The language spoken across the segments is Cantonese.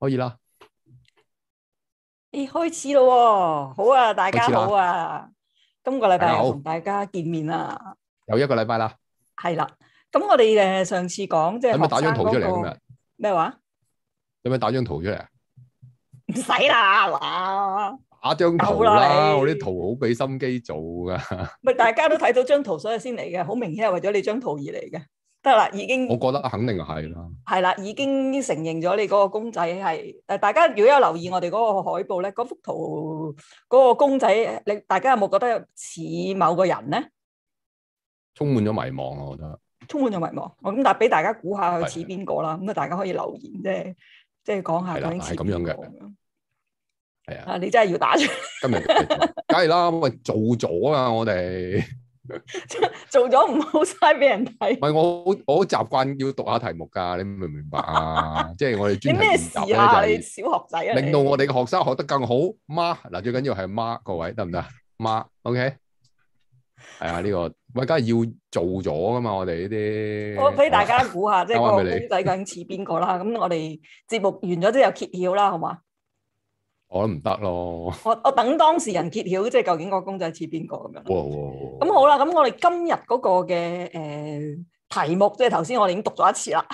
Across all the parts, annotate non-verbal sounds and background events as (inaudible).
可以啦，咦開始咯，好啊，大家好啊，今個禮拜同大家見面啦，又一個禮拜啦，係啦，咁我哋誒上次講即係有冇打張圖出嚟咁啊，咩話？有冇打張圖出嚟？唔使啦嗱，打張圖啦，我啲圖好俾心機做噶，咪大家都睇到張圖，所以先嚟嘅，好明顯係為咗你張圖而嚟嘅。得啦，已經我覺得肯定係啦。係啦，已經承認咗你嗰個公仔係誒，大家如果有留意我哋嗰個海報咧，嗰幅圖嗰個公仔，你大家有冇覺得似某個人咧？充滿咗迷茫，我覺得充滿咗迷茫。我咁，但係俾大家估下佢似邊個啦。咁啊的，大家可以留言即係即係講下佢似邊個。係啊，的你真係要打出？今日梗係啦，咪做咗啊！我哋。我做咗唔好晒俾人睇，唔係我好我好習慣要讀下題目噶，你明唔明白啊？即係我哋專題研習，你小學仔令到我哋嘅學生學得更好媽，嗱，最緊要係媽，各位得唔得？媽，OK，係啊，呢個喂，梗係要做咗噶嘛，我哋呢啲，我俾大家估下，即係個公仔究竟似邊個啦？咁我哋節目完咗都有揭曉啦，好嘛？我唔得咯。我我等當事人揭曉，即係究竟個公仔似邊個咁樣。咁好啦，咁我哋今日嗰個嘅誒題目，即係頭先我哋已經讀咗一次啦。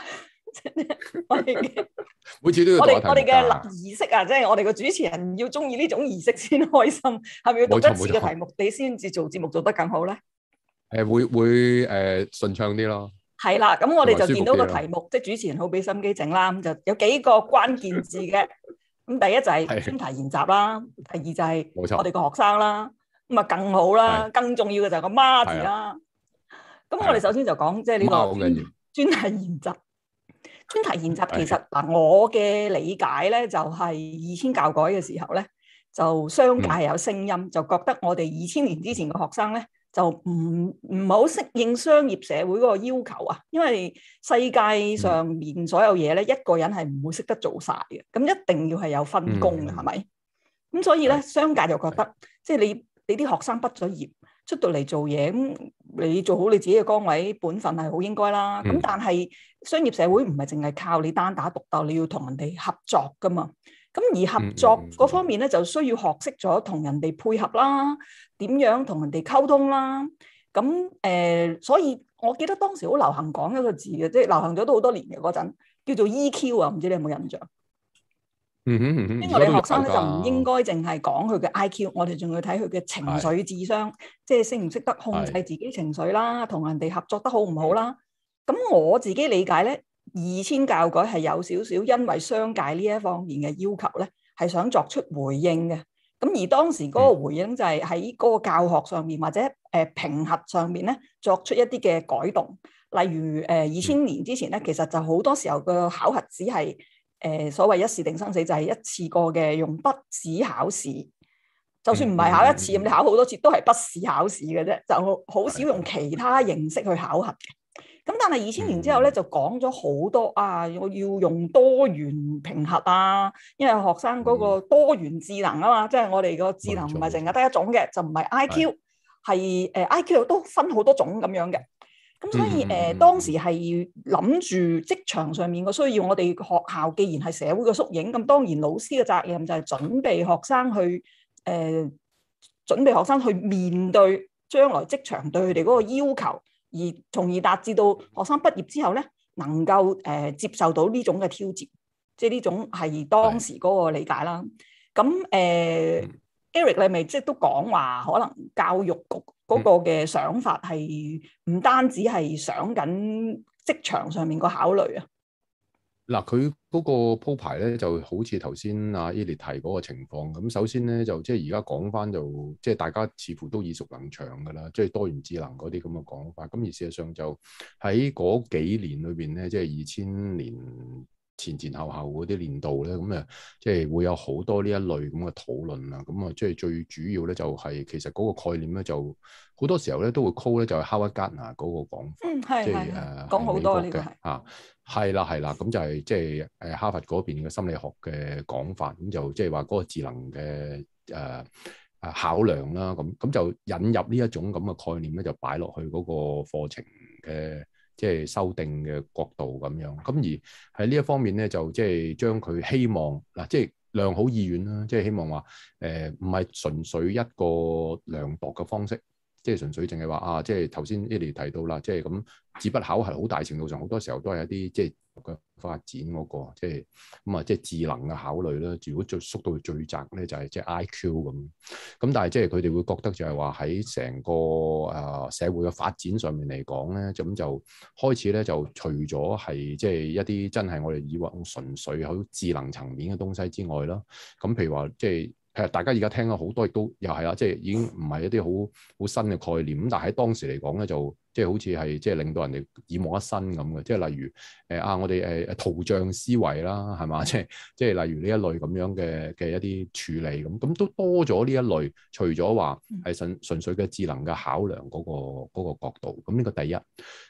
每次都要我哋我哋嘅立儀式啊，即係我哋嘅主持人要中意呢種儀式先開心，係咪要讀一次嘅題目，你先至做節目做得更好咧？誒，會會誒順暢啲咯。係啦，咁我哋就見到個題目，即係主持人好俾心機整啦。咁就有幾個關鍵字嘅。咁第一就係專題研習啦，的第二就係我哋個學生啦，咁啊錯更好啦，的更重要嘅就係個嗎字啦。咁的我哋首先就講即係呢個專，專題研習。專題研習其實嗱的、啊，我嘅理解咧就係二千教改嘅時候咧，就商界有聲音、嗯、就覺得我哋二千年之前嘅學生咧。就唔唔係好適應商業社會嗰個要求啊，因為世界上面所有嘢咧，嗯、一個人係唔會識得做晒嘅，咁一定要係有分工嘅，係咪、嗯？咁所以咧，嗯、商界就覺得，嗯、即係你你啲學生畢咗業出到嚟做嘢，咁你做好你自己嘅崗位本分係好應該啦。咁、嗯、但係商業社會唔係淨係靠你單打獨鬥，你要同人哋合作噶嘛。咁而合作嗰方面咧，嗯嗯、就需要學識咗同人哋配合啦，點樣同人哋溝通啦？咁誒、呃，所以我記得當時好流行講一個字嘅，即係流行咗都好多年嘅嗰陣，叫做 EQ 啊，唔知你有冇印象？嗯哼，嗯嗯因為你學生咧就唔應該淨係講佢嘅 IQ，我哋仲要睇佢嘅情緒智商，即係識唔識得控制自己情緒啦，同是人哋合作得好唔好啦？咁我自己理解咧。二千教改係有少少，因為商界呢一方面嘅要求咧，係想作出回應嘅。咁而當時嗰個回應就係喺嗰個教學上面或者誒評核上面咧，作出一啲嘅改動。例如誒二千年之前咧，其實就好多時候個考核只係誒、呃、所謂一試定生死，就係、是、一次過嘅用筆試考試。就算唔係考一次，咁 (noise) 你考好多次都係筆試考試嘅啫，就好少用其他形式去考核嘅。咁但係二千年之後咧，嗯、就講咗好多啊！我要用多元評核啊，因為學生嗰個多元智能啊嘛，即係、嗯、我哋個智能唔係淨係得一種嘅，錯就唔係 I Q，係誒是 I Q 都分好多種咁樣嘅。咁所以誒、嗯呃，當時係諗住職場上面嘅需要，我哋學校既然係社會嘅縮影，咁當然老師嘅責任就係準備學生去誒、呃，準備學生去面對將來職場對佢哋嗰個要求。而從而達至到學生畢業之後咧，能夠誒、呃、接受到呢種嘅挑戰，即係呢種係當時嗰個理解啦。咁誒，Eric 你咪即係都講話，可能教育局嗰個嘅想法係唔單止係想緊職場上面個考慮啊。嗱，佢嗰個鋪排咧就好似頭先阿伊利提嗰個情況咁。首先咧就即係而家講翻就即係、就是、大家似乎都耳熟能詳㗎啦，即、就、係、是、多元智能嗰啲咁嘅講法。咁而事實上就喺嗰幾年裏邊咧，即係二千年，前前後後嗰啲年度咧，咁誒，即係會有好多呢一類咁嘅討論啦。咁啊，即係最主要咧、就是，就係其實嗰個概念咧，就好多時候咧都會 call 咧，就係、是、Howard Gardner 嗰個講法，即係誒講好多嘅，吓，係啊，係啦係啦，咁就係即係誒哈佛嗰邊嘅心理學嘅講法，咁就即係話嗰個智能嘅誒誒考量啦，咁咁就引入呢一種咁嘅概念咧，就擺落去嗰個課程嘅。即係修訂嘅角度咁樣，咁而喺呢一方面咧，就即係將佢希望嗱，即係良好意願啦，即係希望話誒，唔係純粹一個量度嘅方式，即係純粹淨係話啊，即係頭先 Eddy 提到啦，即係咁，紙筆考係好大程度上好多時候都係一啲即係。就是嘅發展嗰、那個，即係咁啊，即係智能嘅考慮啦。如果再縮到最窄咧，就係即係 IQ 咁。咁但係即係佢哋會覺得就係話喺成個啊、呃、社會嘅發展上面嚟講咧，咁就開始咧就除咗係即係一啲真係我哋以往純粹喺智能層面嘅東西之外啦。咁譬如話即係其實大家而家聽咗好多亦都又係啊，即係、就是、已經唔係一啲好好新嘅概念。咁但係喺當時嚟講咧就。即係好似係即係令到人哋耳目一新咁嘅，即係例如誒、呃、啊，我哋誒、呃、圖像思維啦，係嘛？即係即係例如呢一類咁樣嘅嘅一啲處理咁，咁都多咗呢一類。除咗話係純純粹嘅智能嘅考量嗰、嗰個嗰個角度，咁呢個第一。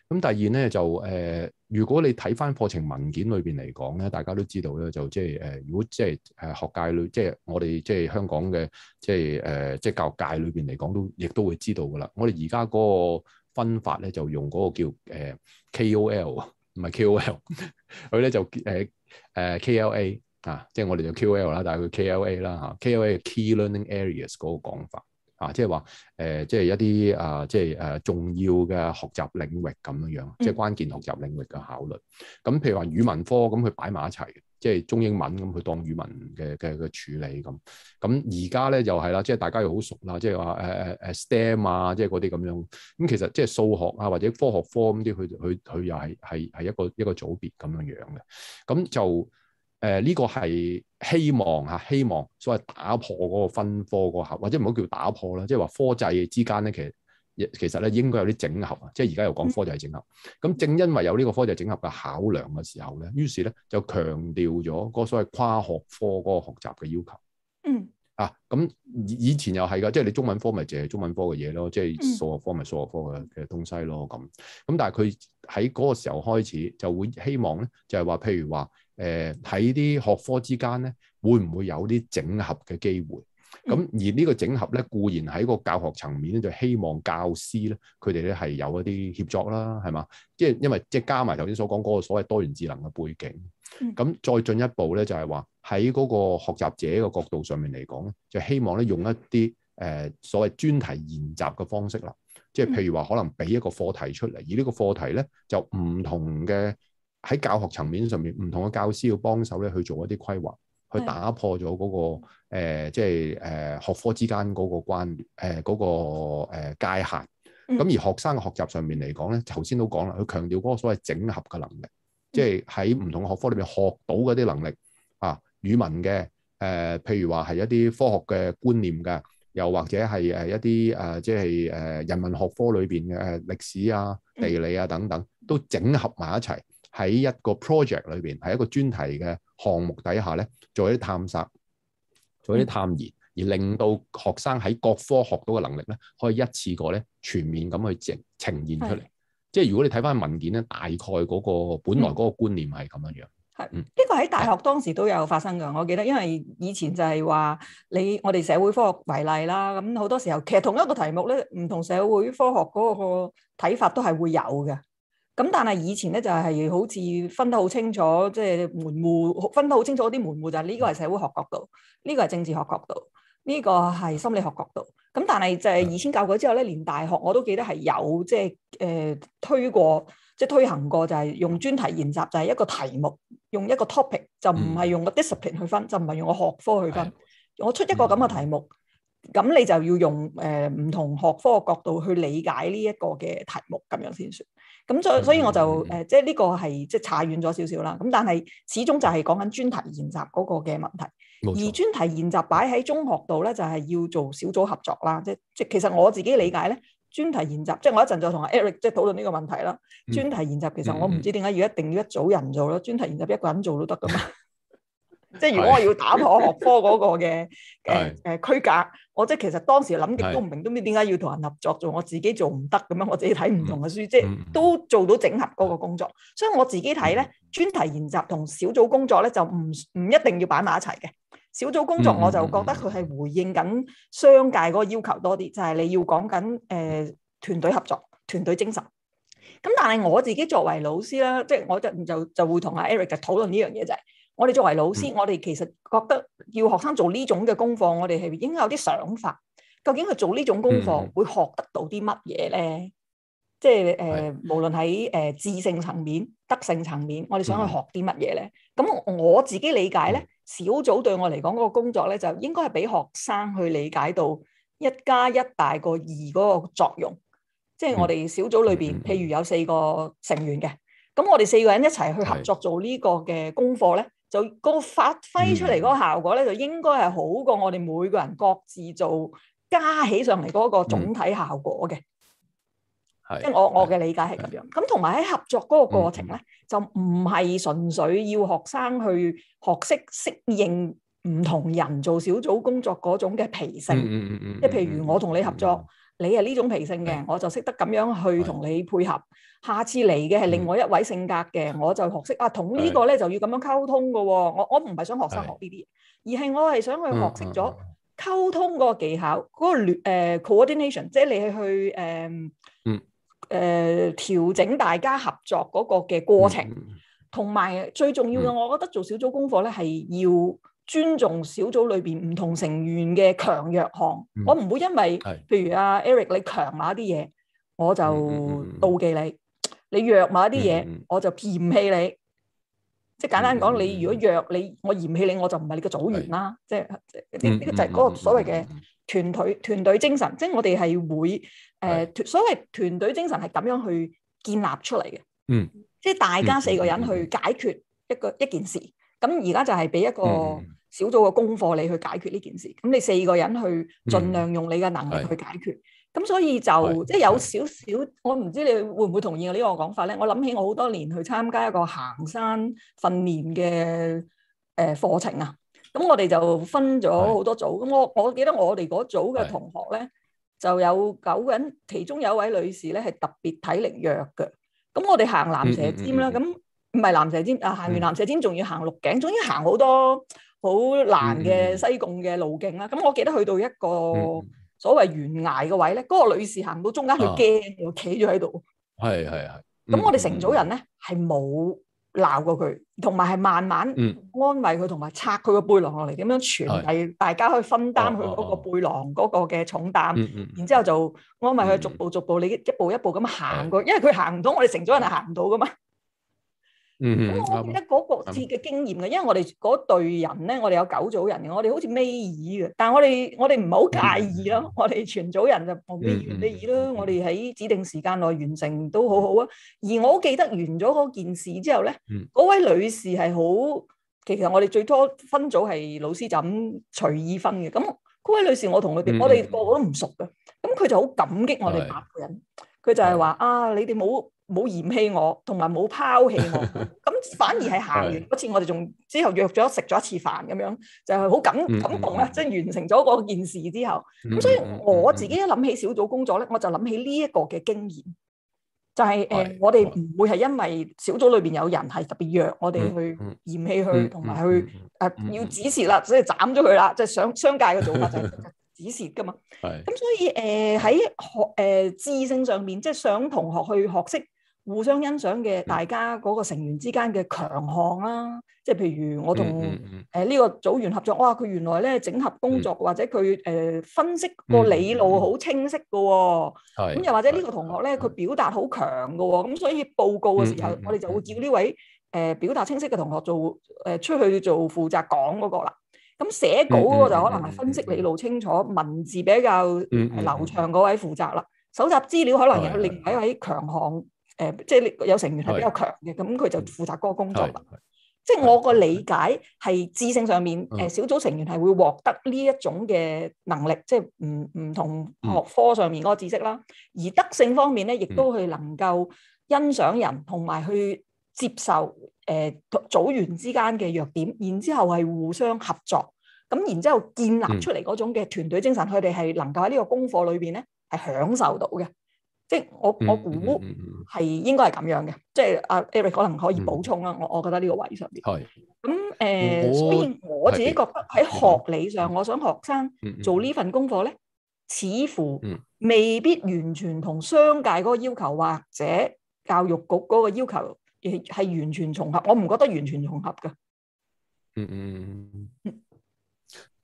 咁第二咧就誒、呃，如果你睇翻課程文件裏邊嚟講咧，大家都知道咧，就即係誒，如果即係誒學界裏，即、就、係、是、我哋即係香港嘅即係誒即係教育界裏邊嚟講都，都亦都會知道噶啦。我哋而家嗰個分法咧就用嗰個叫誒 KOL 唔係 KOL 佢 (laughs) 咧就誒誒、呃、KLA 啊，即係我哋就 KL 啦、啊，但係佢 KLA 啦嚇，KLA 係 key learning areas 嗰個講法啊，即係話誒即係一啲啊即係誒、啊、重要嘅學習領域咁樣樣，即係關鍵學習領域嘅考慮。咁、嗯、譬如話語文科咁，佢擺埋一齊。即係中英文咁去當語文嘅嘅嘅處理咁，咁而家咧就係啦，即係大家又好熟啦，即係話誒誒誒 STEM 啊，即係嗰啲咁樣，咁其實即係數學啊或者科學科咁啲，佢佢佢又係係係一個一個組別咁樣樣嘅，咁就誒呢、呃呢個係希望嚇，希望所謂打破嗰個分科個合，或者唔好叫打破啦，即係話科制之間咧其實。其實咧應該有啲整合啊，即係而家又講科就係整合。咁、嗯、正因為有呢個科就係整合嘅考量嘅時候咧，於是咧就強調咗嗰所謂跨學科嗰個學習嘅要求。嗯，啊，咁以前又係噶，即係你中文科咪就係中文科嘅嘢咯，即係數學科咪數學科嘅嘅東西咯咁。咁但係佢喺嗰個時候開始就會希望咧，就係話譬如話誒喺啲學科之間咧，會唔會有啲整合嘅機會？咁而呢個整合咧，固然喺個教學層面咧，就希望教師咧，佢哋咧係有一啲協作啦，係嘛？即係因為即係加埋頭先所講嗰個所謂多元智能嘅背景，咁、嗯、再進一步咧，就係話喺嗰個學習者嘅角度上面嚟講咧，就希望咧用一啲誒所謂專題研習嘅方式啦，即係譬如話可能俾一個課題出嚟，而呢個課題咧就唔同嘅喺教學層面上面，唔同嘅教師要幫手咧去做一啲規劃。佢打破咗嗰、那個誒，即係誒學科之間嗰個關聯誒嗰、呃那個誒、呃、界限。咁而學生嘅學習上面嚟講咧，頭先都講啦，佢強調嗰個所謂整合嘅能力，即係喺唔同學科裏邊學到嗰啲能力啊，語文嘅誒、呃、譬如話，係一啲科學嘅觀念嘅，又或者係誒一啲誒即係誒人文學科裏邊嘅誒歷史啊、地理啊等等，都整合埋一齊，喺一個 project 裏邊，係一個專題嘅。項目底下咧，做一啲探索，做一啲探研，嗯、而令到學生喺各科學到嘅能力咧，可以一次過咧全面咁去呈呈現出嚟。是即係如果你睇翻文件咧，大概嗰、嗰個本來嗰個觀念係咁樣樣。係嗯，呢是、嗯、個喺大學當時都有發生嘅。我記得，因為以前就係話你我哋社會科學為例啦，咁好多時候其實同一個題目咧，唔同社會科學嗰個睇法都係會有嘅。咁但係以前咧就係好似分得好清楚，即係門戶分得好清楚，啲門戶就係呢個係社會學角度，呢個係政治學角度，呢個係心理學角度。咁但係就係以前教過之後咧，連大學我都記得係有即係誒推過，即係推行過就係用專題研習，就係一個題目，用一個 topic 就唔係用個 discipline 去分，嗯、就唔係用個學科去分。的我出一個咁嘅題目，咁、嗯、你就要用誒呃、唔同學科嘅角度去理解呢一個嘅題目，咁樣先算。咁所以所以我就誒，即係呢個係即係差遠咗少少啦。咁、就是、但係始終就係講緊專題研習嗰個嘅問題，錯而專題研習擺喺中學度咧，就係、是、要做小組合作啦。即即其實我自己理解咧，專題研習，即係我一陣就同 Eric 即係討論呢個問題啦。專、嗯、題研習其實我唔知點解要、嗯、一定要一組人做咯，專題研習一個人做都得㗎嘛。 (laughs) 即係如果我要打破學科嗰個嘅誒誒區隔，我即係其實當時諗極都唔明，都唔知點解要同人合作做，我做，我自己做唔得咁樣，我自己睇唔同嘅書，嗯、即係都做到整合嗰個工作。所以我自己睇咧，專、嗯、題研習同小組工作咧就唔唔一定要擺埋一齊嘅。小組工作我就覺得佢係回應緊商界嗰個要求多啲，就係、是、你要講緊誒團隊合作、團隊精神。咁但係我自己作為老師啦，即係我就就就會同阿 Eric 就討論呢樣嘢就係、是。我哋作為老師，嗯、我哋其實覺得要學生做呢種嘅功課，我哋係應該有啲想法。究竟佢做呢種功課會學得到啲乜嘢咧？嗯、即係誒，呃、是無論喺誒智性層面、德性層面，我哋想去學啲乜嘢咧？咁、嗯、我自己理解咧，小組對我嚟講嗰個工作咧，就應該係俾學生去理解到一加一大過二嗰個作用。即係我哋小組裏邊，嗯嗯、譬如有四個成員嘅，咁我哋四個人一齊去合作做個呢個嘅功課咧。就個發揮出嚟嗰個效果咧，就應該係好過我哋每個人各自做加起上嚟嗰個總體效果嘅。係，即係我我嘅理解係咁樣。咁同埋喺合作嗰個過程咧，就唔係純粹要學生去學識適應唔同人做小組工作嗰種嘅脾性。即係譬如我同你合作，你係呢種脾性嘅，我就識得咁樣去同你配合。下次嚟嘅係另外一位性格嘅，mm. 我就學識啊，同呢個咧就要咁樣溝通嘅喎、哦。我我唔係想學生學呢啲，是而係我係想去學識咗溝通嗰個技巧，嗰、mm. 個 coordination，即係你去誒誒、呃 mm. uh, 調整大家合作嗰個嘅過程。同埋、mm. 最重要嘅，我覺得做小組功課咧係、mm. 要尊重小組裏邊唔同成員嘅強弱項。Mm. 我唔會因為、mm. 譬如阿、啊、Eric 你強下啲嘢，我就妒忌你。Mm. 你弱某一啲嘢，嗯、我就嫌棄你。即係簡單講，嗯、你如果弱你，我嫌棄你，我就唔係你嘅組員啦是。即係呢個就係嗰個所謂嘅團隊團隊精神。即係我哋係會誒，呃、是所謂團隊精神係咁樣去建立出嚟嘅。嗯，即係大家四個人去解決一個、嗯、一件事。咁而家就係俾一個小組嘅功課你去解決呢件事。咁你四個人去盡量用你嘅能力去解決。嗯嗯咁所以就即係有少少，我唔知你會唔會同意我呢個講法咧？我諗起我好多年去參加一個行山訓練嘅誒課程啊。咁我哋就分咗好多組。咁我我記得我哋嗰組嘅同學咧，就有九個人，其中有一位女士咧係特別體力弱嘅。咁我哋行蚺蛇尖啦，咁唔係蚺蛇尖啊，行完蚺蛇尖仲要行鹿頸，總之行好多好難嘅西貢嘅路徑啦。咁我記得去到一個所謂懸崖嘅位咧，嗰、嗰個女士行到中間佢驚喎，企咗喺度。係係係。咁我哋成組人咧係冇鬧過佢，同埋係慢慢安慰佢，同埋、嗯、拆佢個背囊落嚟，點樣傳遞大家去以分擔佢嗰個背囊嗰個嘅重擔。嗯嗯嗯、然之後就安慰佢，逐步逐步，你、嗯、一步一步咁行過，嗯、因為佢行唔到，我哋成組人係行唔到噶嘛。嗯嗯。咁我記得嗰個次嘅經驗嘅，因為我哋嗰隊人咧，我哋有九組人嘅，我哋好似尾耳嘅，但係我哋我哋唔好介意咯，我哋全組人就忙尾耳尾耳咯，我哋喺指定時間內完成都好好啊。而我記得完咗嗰件事之後咧，嗰位女士係好，其實我哋最初分組係老師就咁隨意分嘅。咁嗰位女士，我同佢哋，我哋個個都唔熟嘅，咁佢就好感激我哋八個人，佢就係話啊，你哋冇。冇嫌棄我，同埋冇拋棄我，咁反而係行完嗰次，我哋仲之後約咗食咗一次飯咁樣，就係好感感動啦。即係完成咗嗰件事之後，咁所以我自己一諗起小組工作咧，我就諗起呢一個嘅經驗，就係誒，我哋唔會係因為小組裏邊有人係特別弱，我哋去嫌棄佢，同埋去誒要指示啦，所以斬咗佢啦，即係商商界嘅做法就係指示噶嘛。咁所以誒喺學誒知性上面，即係想同學去學識。互相欣賞嘅，大家嗰個成員之間嘅強項啦，即係譬如我同誒呢個組員合作，哇！佢原來咧整合工作、嗯、或者佢誒、呃、分析個理路好清晰嘅喎、哦，咁又、嗯嗯、或者呢個同學咧佢表達好強嘅喎，咁所以報告嘅時候、嗯嗯嗯、我哋就會叫呢位誒、呃、表達清晰嘅同學做誒、呃、出去做負責講嗰個啦。咁寫稿嗰個就可能係分析理路清楚、文字比較流暢嗰位負責啦。搜集資料可能有另外一位強項。誒、呃，即係有成員係比較強嘅，咁佢是就負責嗰個工作啦。即係我個理解係智性上面，誒、呃、小組成員係會獲得呢一種嘅能力，嗯、即係唔唔同學科上面嗰個知識啦。而德性方面咧，亦都係能夠欣賞人，同埋、嗯、去接受誒、呃、組員之間嘅弱點，然之後係互相合作，咁然之後建立出嚟嗰種嘅團隊精神，佢哋係能夠喺呢個功課裏邊咧係享受到嘅。即係我我估係應該係咁樣嘅，嗯、即係阿 Eric 可能可以補充啦。我、嗯、我覺得呢個位上邊係咁誒，雖然我自己覺得喺學理上，嗯、我想學生做呢份功課咧，嗯、似乎未必完全同商界嗰個要求或者教育局嗰個要求係完全重合。我唔覺得完全重合㗎、嗯。嗯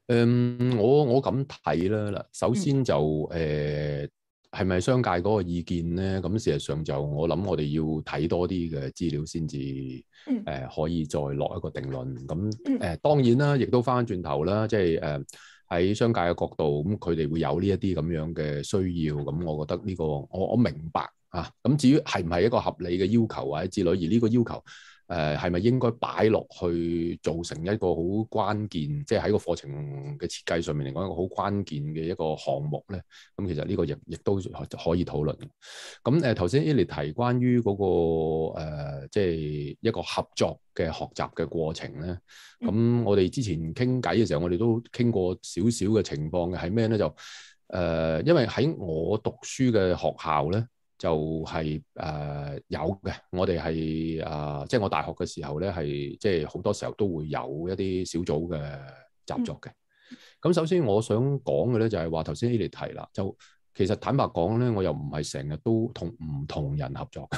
嗯嗯。我我咁睇啦嗱，首先就誒。嗯嗯係咪商界嗰個意見咧？咁事實上就我諗，我哋要睇多啲嘅資料先至誒，可以再落一個定論。咁誒、嗯，當然啦，亦都翻轉頭啦，即係誒喺商界嘅角度，咁佢哋會有呢一啲咁樣嘅需要。咁我覺得呢、呢個我我明白嚇。咁、啊、至於係唔係一個合理嘅要求或者之類，而呢個要求。誒係咪應該擺落去做成一個好關鍵，即係喺個課程嘅設計上面嚟講一個好關鍵嘅一個項目咧？咁、嗯、其實呢個亦亦都可以討論。咁誒頭先 Eli 嚟提關於嗰、那個即係、呃就是、一個合作嘅學習嘅過程咧。咁、嗯嗯嗯、我哋之前傾偈嘅時候，我哋都傾過少少嘅情況嘅係咩咧？就誒、呃，因為喺我讀書嘅學校咧。就係、是、誒、呃、有嘅，我哋係誒，即、呃、係、就是、我大學嘅時候咧，係即係好多時候都會有一啲小組嘅習作嘅。咁、嗯、首先我想講嘅咧，就係話頭先你哋提啦。就其實坦白講咧，我又唔係成日都同唔同人合作，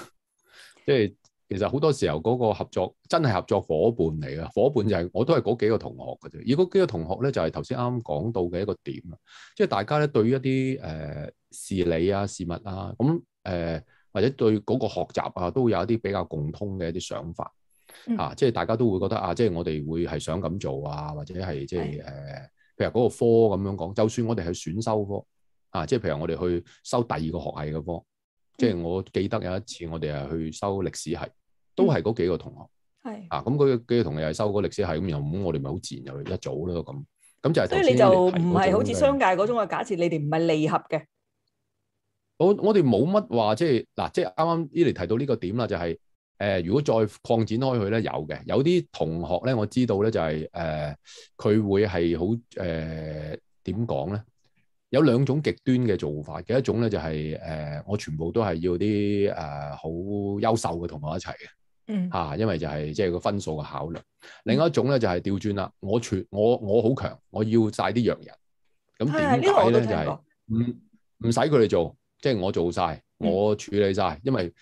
即係、 (laughs) 就是、其實好多時候嗰個合作真係合作伙伴嚟嘅，伙伴就係、是、我都係嗰幾個同學嘅啫。如果幾個同學咧，就係頭先啱啱講到嘅一個點即係、就是、大家咧對於一啲誒、呃、事理啊、事物啊咁。嗯誒、呃，或者對嗰個學習啊，都會有一啲比較共通嘅一啲想法啊，即係大家都會覺得啊，即係我哋會係想咁做啊，或者係即係誒、呃，譬如嗰個科咁樣講，就算我哋係選修科啊，即係譬如我哋去修第二個學系嘅科，啊、即係我記得有一次我哋係去修歷史系，都係嗰幾個同學係、嗯、啊，咁、嗯、嗰幾個同學又係修嗰個歷史系，咁、啊、然咁我哋咪好自然、啊啊、就一組咯咁，咁就係所以你就唔係好似商界嗰種嘅假設，你哋唔係利合嘅。我我哋冇乜話即係嗱，即係啱啱依嚟提到呢個點啦，就係、是、誒、呃，如果再擴展開去咧，有嘅有啲同學咧，我知道咧就係、是、誒，佢、呃、會係好誒點講咧？有兩種極端嘅做法嘅，一種咧就係、是、誒、呃，我全部都係要啲誒好優秀嘅同學一齊嘅，嗯，吓、啊，因為就係即係個分數嘅考量。另外一種咧就係調轉啦，我全我我好強，我要晒啲洋人，咁點解咧？就係唔唔使佢哋做。即係我做晒，我處理晒，因為誒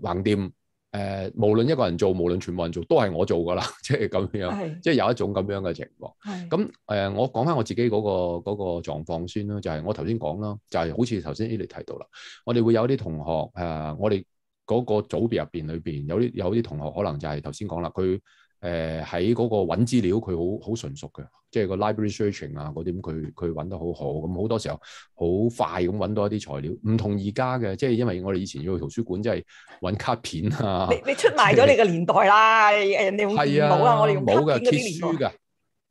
橫掂誒，無論一個人做，無論全部人做，都係我做㗎啦，即係咁樣，的即係有一種咁樣嘅情況。咁誒的、呃，我講翻我自己嗰、那個嗰、那個狀況先啦，就係、是、我頭先講啦，就係、是、好似頭先 Ely 提到啦，我哋會有啲同學誒、呃，我哋嗰個組別入邊裏邊有啲有啲同學可能就係頭先講啦，佢。誒喺嗰個揾資料，佢好好純熟嘅，即係個 library searching 啊嗰啲，佢佢揾得好好，咁好多時候好快咁揾到一啲材料，唔同而家嘅，即係因為我哋以前要去圖書館，即係揾卡片啊。你你出賣咗你嘅年代啦。就是、人哋用電腦啦，我哋冇卡片嘅。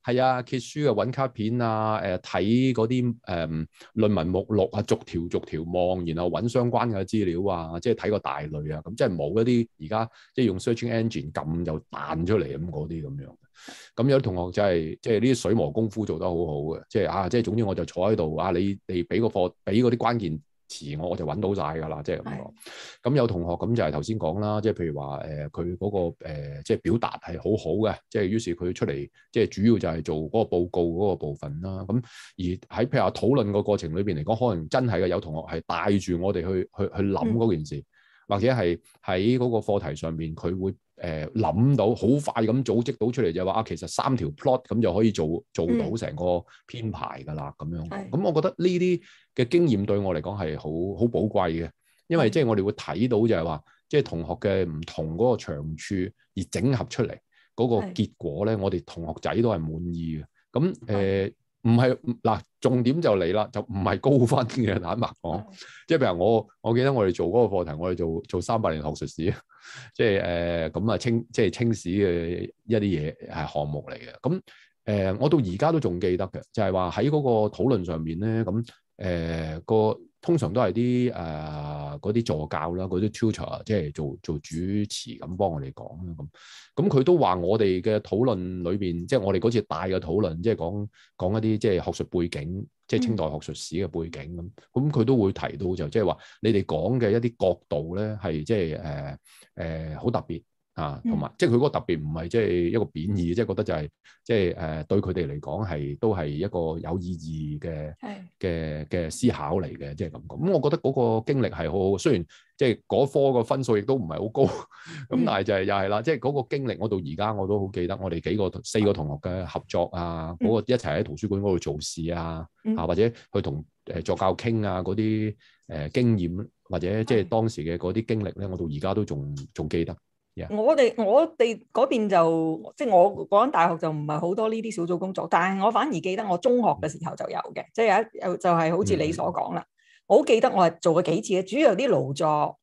係啊，揭書啊，揾卡片啊，誒睇嗰啲誒論文目錄啊，逐條逐條望，然後揾相關嘅資料啊，即係睇個大類啊，咁即係冇一啲而家即係用 searching engine 撳就彈出嚟咁嗰啲咁樣。咁、嗯、有啲同學就係、是、即係呢啲水磨功夫做得好好嘅，即係啊，即係總之我就坐喺度，啊你哋俾個課俾嗰啲關鍵詞我我就揾到晒㗎啦，即係咁講。咁的有同學咁就係頭先講啦，即係譬如話誒，佢嗰個誒即係表達係好好嘅，即係於是佢出嚟即係主要就係做嗰個報告嗰個部分啦。咁而喺譬如話討論個過程裏邊嚟講，可能真係嘅有同學係帶住我哋去去去諗嗰件事，嗯、或者係喺嗰個課題上面佢會誒諗到好快咁組織到出嚟就話啊，其實三條 plot 咁就可以做做到成個編排㗎啦咁樣。咁我覺得呢啲嘅經驗對我嚟講係好好寶貴嘅，因為即係我哋會睇到就係話，即、就、係、是、同學嘅唔同嗰個長處而整合出嚟嗰個結果咧，的我哋同學仔都係滿意嘅。咁誒唔係嗱重點就嚟啦，就唔係高分嘅。坦白講，的即係譬如我我記得我哋做嗰個課題，我，我哋做做三百年學術史、 (laughs) 呃，即係誒咁啊清即係清史嘅一啲嘢係項目嚟嘅。咁誒、呃、我到而家都仲記得嘅，就係話喺嗰個討論上面咧咁。嗯嗯誒、呃、個通常都係啲誒啲助教啦，嗰啲 tutor 即係做做主持咁幫我哋講啦咁。咁佢都話我哋嘅討論裏邊，即係我哋嗰次大嘅討論，即係講講一啲即係學術背景，即係清代學術史嘅背景咁。咁佢、嗯、都會提到就即係話你哋講嘅一啲角度咧，係即係誒誒好特別啊，同埋即係佢嗰個特別唔係即係一個貶義，即係、嗯、覺得就係即係誒對佢哋嚟講係都係一個有意義嘅。嗯嘅嘅思考嚟嘅，即係咁講。咁、嗯、我覺得嗰個經歷係好好，雖然即係嗰科個分數亦都唔係好高，咁但係就係又係啦，即係嗰個經歷，我到而家我都好記得。我哋幾個四個同學嘅合作啊，嗰、嗯、個一齊喺圖書館嗰度做事啊，嗯、啊或者去同誒助教傾啊嗰啲誒經驗，或者即係當時嘅嗰啲經歷咧，我到而家都仲仲記得。我哋我哋嗰邊就即係我講大學就唔係好多呢啲小組工作，但係我反而記得我中學嘅時候就有嘅，即係有一有就係好似你所講啦。我好記得我係做過幾次嘅，主要有啲勞作，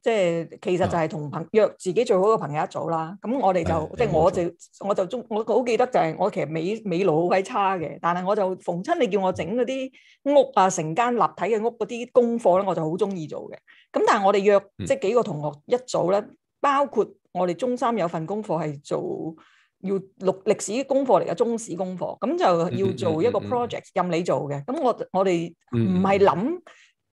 即係其實就係同朋約自己最好嘅朋友一組啦。咁我哋就即係我就我就中我好記得就係我其實美美勞好鬼差嘅，但係我就逢親你叫我整嗰啲屋啊，成間立體嘅屋嗰啲功課咧，我就好鍾意做嘅。咁但係我哋約即係幾個同學一組咧，包括。我哋中三有份功課係做，要錄歷史功課嚟嘅中史功課，咁就要做一個 project，任你做嘅。咁我我哋唔係諗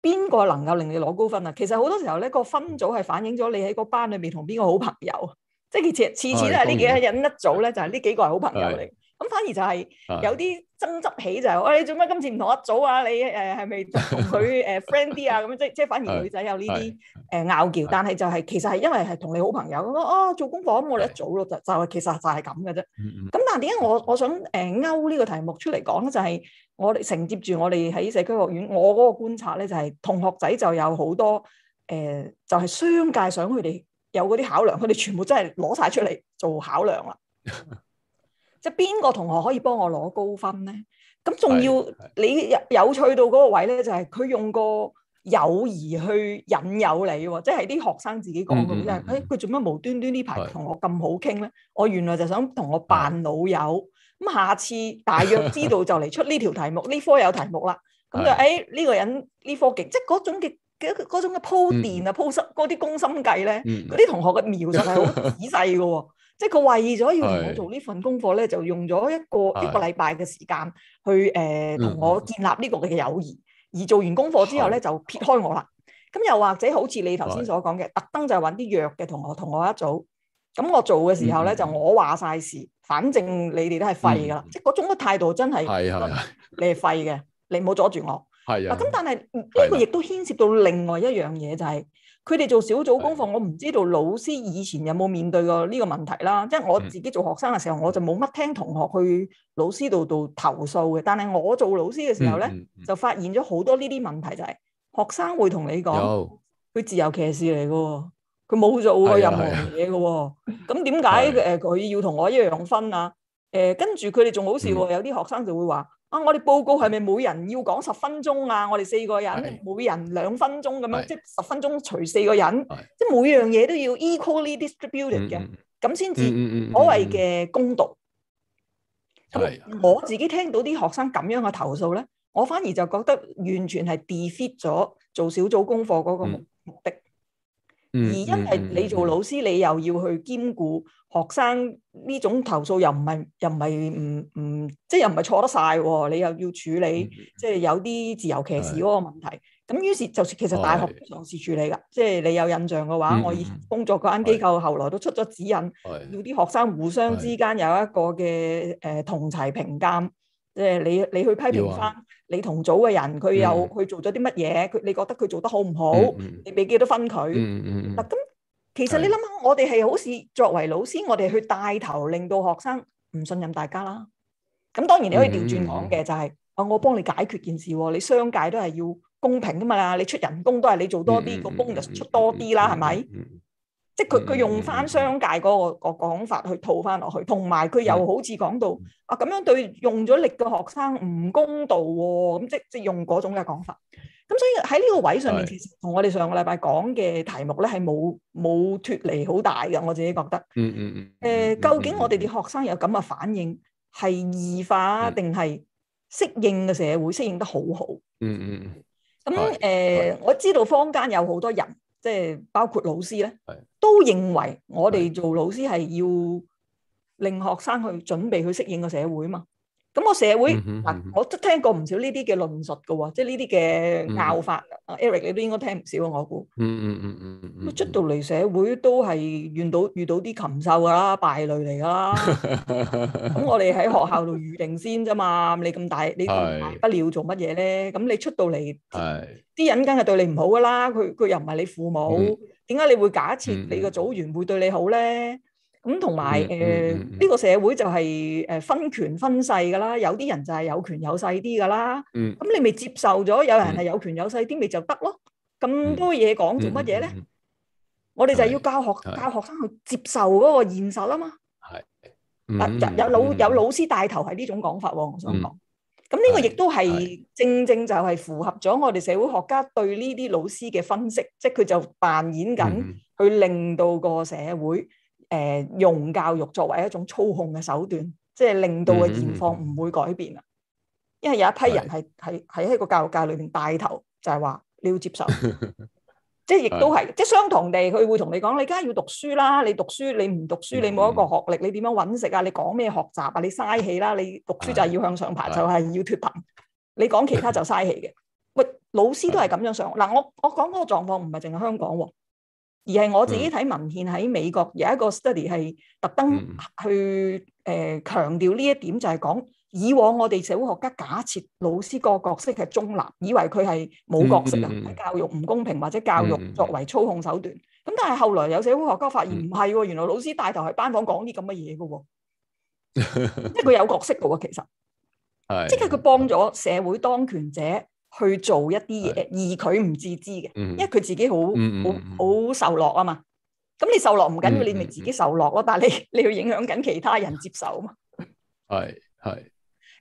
邊個能夠令你攞高分啊？其實好多時候咧，個分組係反映咗你喺個班裏面同邊個好朋友，即係次次都係呢幾個人文一組咧，就係呢幾個係好朋友嚟。咁反而就係有啲爭執起就係的哎，你做乜今次唔同一組啊？你誒係咪同佢誒 friend 啲啊？咁即即反而女仔有呢啲誒拗撬，的但係就係、是、其實係因為係同你好朋友，的哦做功課我哋一組咯的，就就其實就係咁嘅啫。咁、嗯嗯、但係點解我我想誒、呃、勾呢個題目出嚟講咧、就是？就係我哋承接住我哋喺社區學院，我嗰個觀察咧就係、是、同學仔就有好多誒、呃，就係、是、商界想佢哋有嗰啲考量，佢哋全部真係攞晒出嚟做考量啦。 (laughs) 即係邊個同學可以幫我攞高分咧？咁仲要你有趣到嗰個位咧，就係、是、佢用個友誼去引誘你喎。即係啲學生自己講咁，即係誒佢做乜無端端呢排同我咁好傾咧？是我原來就想同我扮老友。咁下次大約知道就嚟出呢條題目，呢 (laughs) 科有題目啦。咁就誒呢、哎這個人呢科極即係嗰種嘅嗰種嘅鋪墊啊，嗯、鋪心嗰啲攻心計咧。嗰啲、嗯、同學嘅描述係好仔細嘅喎。 (laughs) 即係佢為咗要同我做呢份功課咧，就用咗一個一個禮拜嘅時間去誒同我建立呢個嘅友誼。而做完功課之後咧，就撇開我啦。咁又或者好似你頭先所講嘅，特登就係揾啲弱嘅同學同我一組。咁我做嘅時候咧，就我話晒事，反正你哋都係廢㗎啦。即係嗰種嘅態度真係係係你係廢嘅，你唔好阻住我。係啊。咁但係呢個亦都牽涉到另外一樣嘢就係。佢哋做小組功課，的我唔知道老師以前有冇面對過呢個問題啦。即係我自己做學生嘅時候，嗯、我就冇乜聽同學去老師度度投訴嘅。但係我做老師嘅時候咧，嗯嗯就發現咗好多呢啲問題、就是，就係學生會同你講佢 Yo. 自由騎士嚟㗎喎，佢冇做過任何嘢嘅喎。咁點解誒佢要同我一樣分啊？誒、呃，跟住佢哋仲好笑喎、哦，嗯、有啲學生就會話。啊！我哋報告係咪每人要講十分鐘啊？我哋四個人，的每人兩分鐘咁樣，的即係十分鐘除四個人，的即係每樣嘢都要 equally distributed 嘅，咁先至所謂嘅公道。咁、mm hmm. 我自己聽到啲學生咁樣嘅投訴咧，的我反而就覺得完全係 defeat 咗做小組功課嗰個目的。Mm hmm. 而因為你做老師，嗯嗯嗯、你又要去兼顧學生呢種投訴又，又唔係又唔係唔唔，即係又唔係錯得晒喎，你又要處理，即係、嗯、有啲自由騎士嗰個問題。咁的於是就，就其實大學都嘗試處理㗎，即係的你有印象嘅話，的我以前工作嗰間機構後來都出咗指引，的要啲學生互相之間有一個嘅誒、呃、同儕評鑑，的即係你你去批評翻。的你同組嘅人，佢又去做咗啲乜嘢？佢你覺得佢做得好唔好？你俾幾多分佢？嗱，咁其實你諗下，我哋係好似作為老師，我哋去帶頭令到學生唔信任大家啦。咁當然你可以調轉講嘅，就係啊，我幫你解決件事。你商界都係要公平噶嘛？你出人工都係你做多啲，個工就出多啲啦，係咪？即係佢佢用翻商界嗰個個講法去套翻落去，同埋佢又好似講到的啊，咁樣對用咗力嘅學生唔公道喎、啊，咁即即係用嗰種嘅講法。咁所以喺呢個位上面，的其實同我哋上個禮拜講嘅題目咧係冇冇脫離好大嘅，我自己覺得。嗯嗯嗯。誒，究竟我哋啲學生有咁嘅反應係異化定係適應嘅社會適應得好好？嗯嗯咁誒，呃、我知道坊間有好多人。即係包括老師呢，都認為我哋做老師係要令學生去準備去適應個社會啊嘛。咁我社會嗱，我都聽過唔少呢啲嘅論述㗎喎，即係呢啲嘅拗法。Eric，你都應該聽唔少啊，我估。嗯嗯嗯嗯嗯嗯。咁出到嚟社會都係遇到遇到啲禽獸㗎啦，敗類嚟㗎啦。咁我哋喺學校度預定先啫嘛，你咁大你咁大不了做乜嘢咧？咁你出到嚟，啲人梗係對你唔好㗎啦。佢佢又唔係你父母，點解你會假設你個組員會對你好咧？咁同埋誒呢個社會就係誒分權分勢噶啦，有啲人就係有權有勢啲噶啦。咁、mm, 你咪接受咗有人係有權有勢啲，咪就得咯？咁多嘢講做乜嘢咧？Mm, mm, mm, mm, 我哋就係要教學是教學生去接受嗰個現實啊嘛。係是、啊，有老有，有老師帶頭係呢種講法喎、啊。我想講，咁呢、mm, 個亦都係正正就係符合咗我哋社會學家對呢啲老師嘅分析，即係佢就扮演緊去令到個社會。誒，用教育作為一種操控嘅手段，即係令到嘅現況唔會改變啊！因為有一批人係係喺個教育界裏邊帶頭，就係話你要接受，即係亦都係，即係相同地，佢會同你講你梗係要讀書啦，你讀書，你唔讀書，你冇一個學歷，你點樣搵食啊？你講咩學習啊？你嘥氣啦！你讀書就係要向上爬，就係、是、要脫貧。你講其他就嘥氣嘅。喂，老師都係咁樣上嗱，我我講嗰個狀況唔係淨係香港喎。而係我自己睇文獻，喺美國有一個 study 係特登去誒，強調呢一點，就係講以往我哋社會學家假設老師個角色係中立，以為佢係冇角色嘅，教育唔公平或者教育作為操控手段。咁但係後來有社會學家發現唔係，原來老師帶頭係班房講啲咁嘅嘢㗎，即係佢有角色嘅喎，其實係即係佢幫咗社會當權者。去做一啲嘢，的而佢唔自知嘅，嗯、因為佢自己、嗯、好好好受落啊嘛。咁、嗯嗯、你受落唔緊要，嗯嗯、你咪自己受落咯，但係你你要影響緊其他人接受嘛。係係。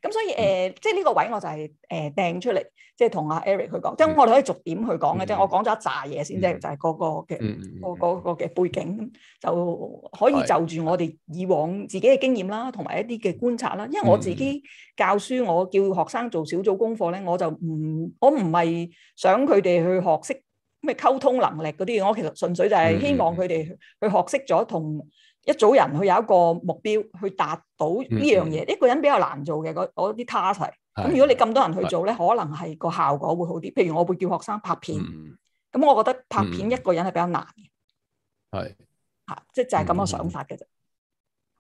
咁所以誒、嗯呃，即係呢個位我就係誒掟出嚟，即係同阿 Eric 去講，嗯、即係我哋可以逐點去講嘅即啫。我講咗一紮嘢先，即係就係嗰個嘅嗰嘅背景，就可以就住我哋以往自己嘅經驗啦，同埋一啲嘅觀察啦。因為我自己教書，我叫學生做小組功課咧，我就唔，我唔係想佢哋去學識咩溝通能力嗰啲嘢，我其實純粹就係希望佢哋去學識咗同。一組人去有一個目標，去達到呢樣嘢，嗯、一個人比較難做嘅，嗰嗰啲 task。咁、那個、是如果你咁多人去做咧，是可能係個效果會好啲。譬如我會叫學生拍片，咁、嗯、我覺得拍片一個人係比較難嘅。係、嗯，嚇，即係就係咁嘅想法嘅啫、嗯。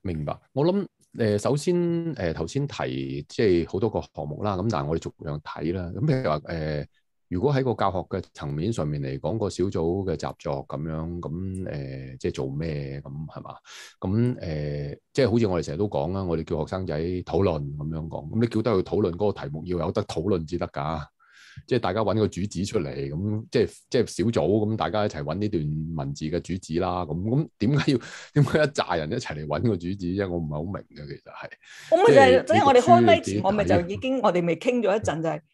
明白。我諗誒、呃，首先誒頭先提即係好多個項目啦，咁但係我哋逐樣睇啦。咁譬如話誒。呃如果喺個教學嘅層面上面嚟講，個小組嘅習作咁樣咁誒、呃，即係做咩咁係嘛？咁誒、呃，即係好似我哋成日都講啦，我哋叫學生仔討論咁樣講，咁你叫得佢討論嗰個題目要有得討論至得噶，即係大家揾個主旨出嚟，咁即係即係小組咁，大家一齊揾呢段文字嘅主旨啦。咁咁點解要點解一扎人一齊嚟揾個主旨啫？我唔係好明嘅，其實係咁咪就係，總之 (laughs) 我哋開低我咪就已經，我哋未傾咗一陣就係。 (laughs)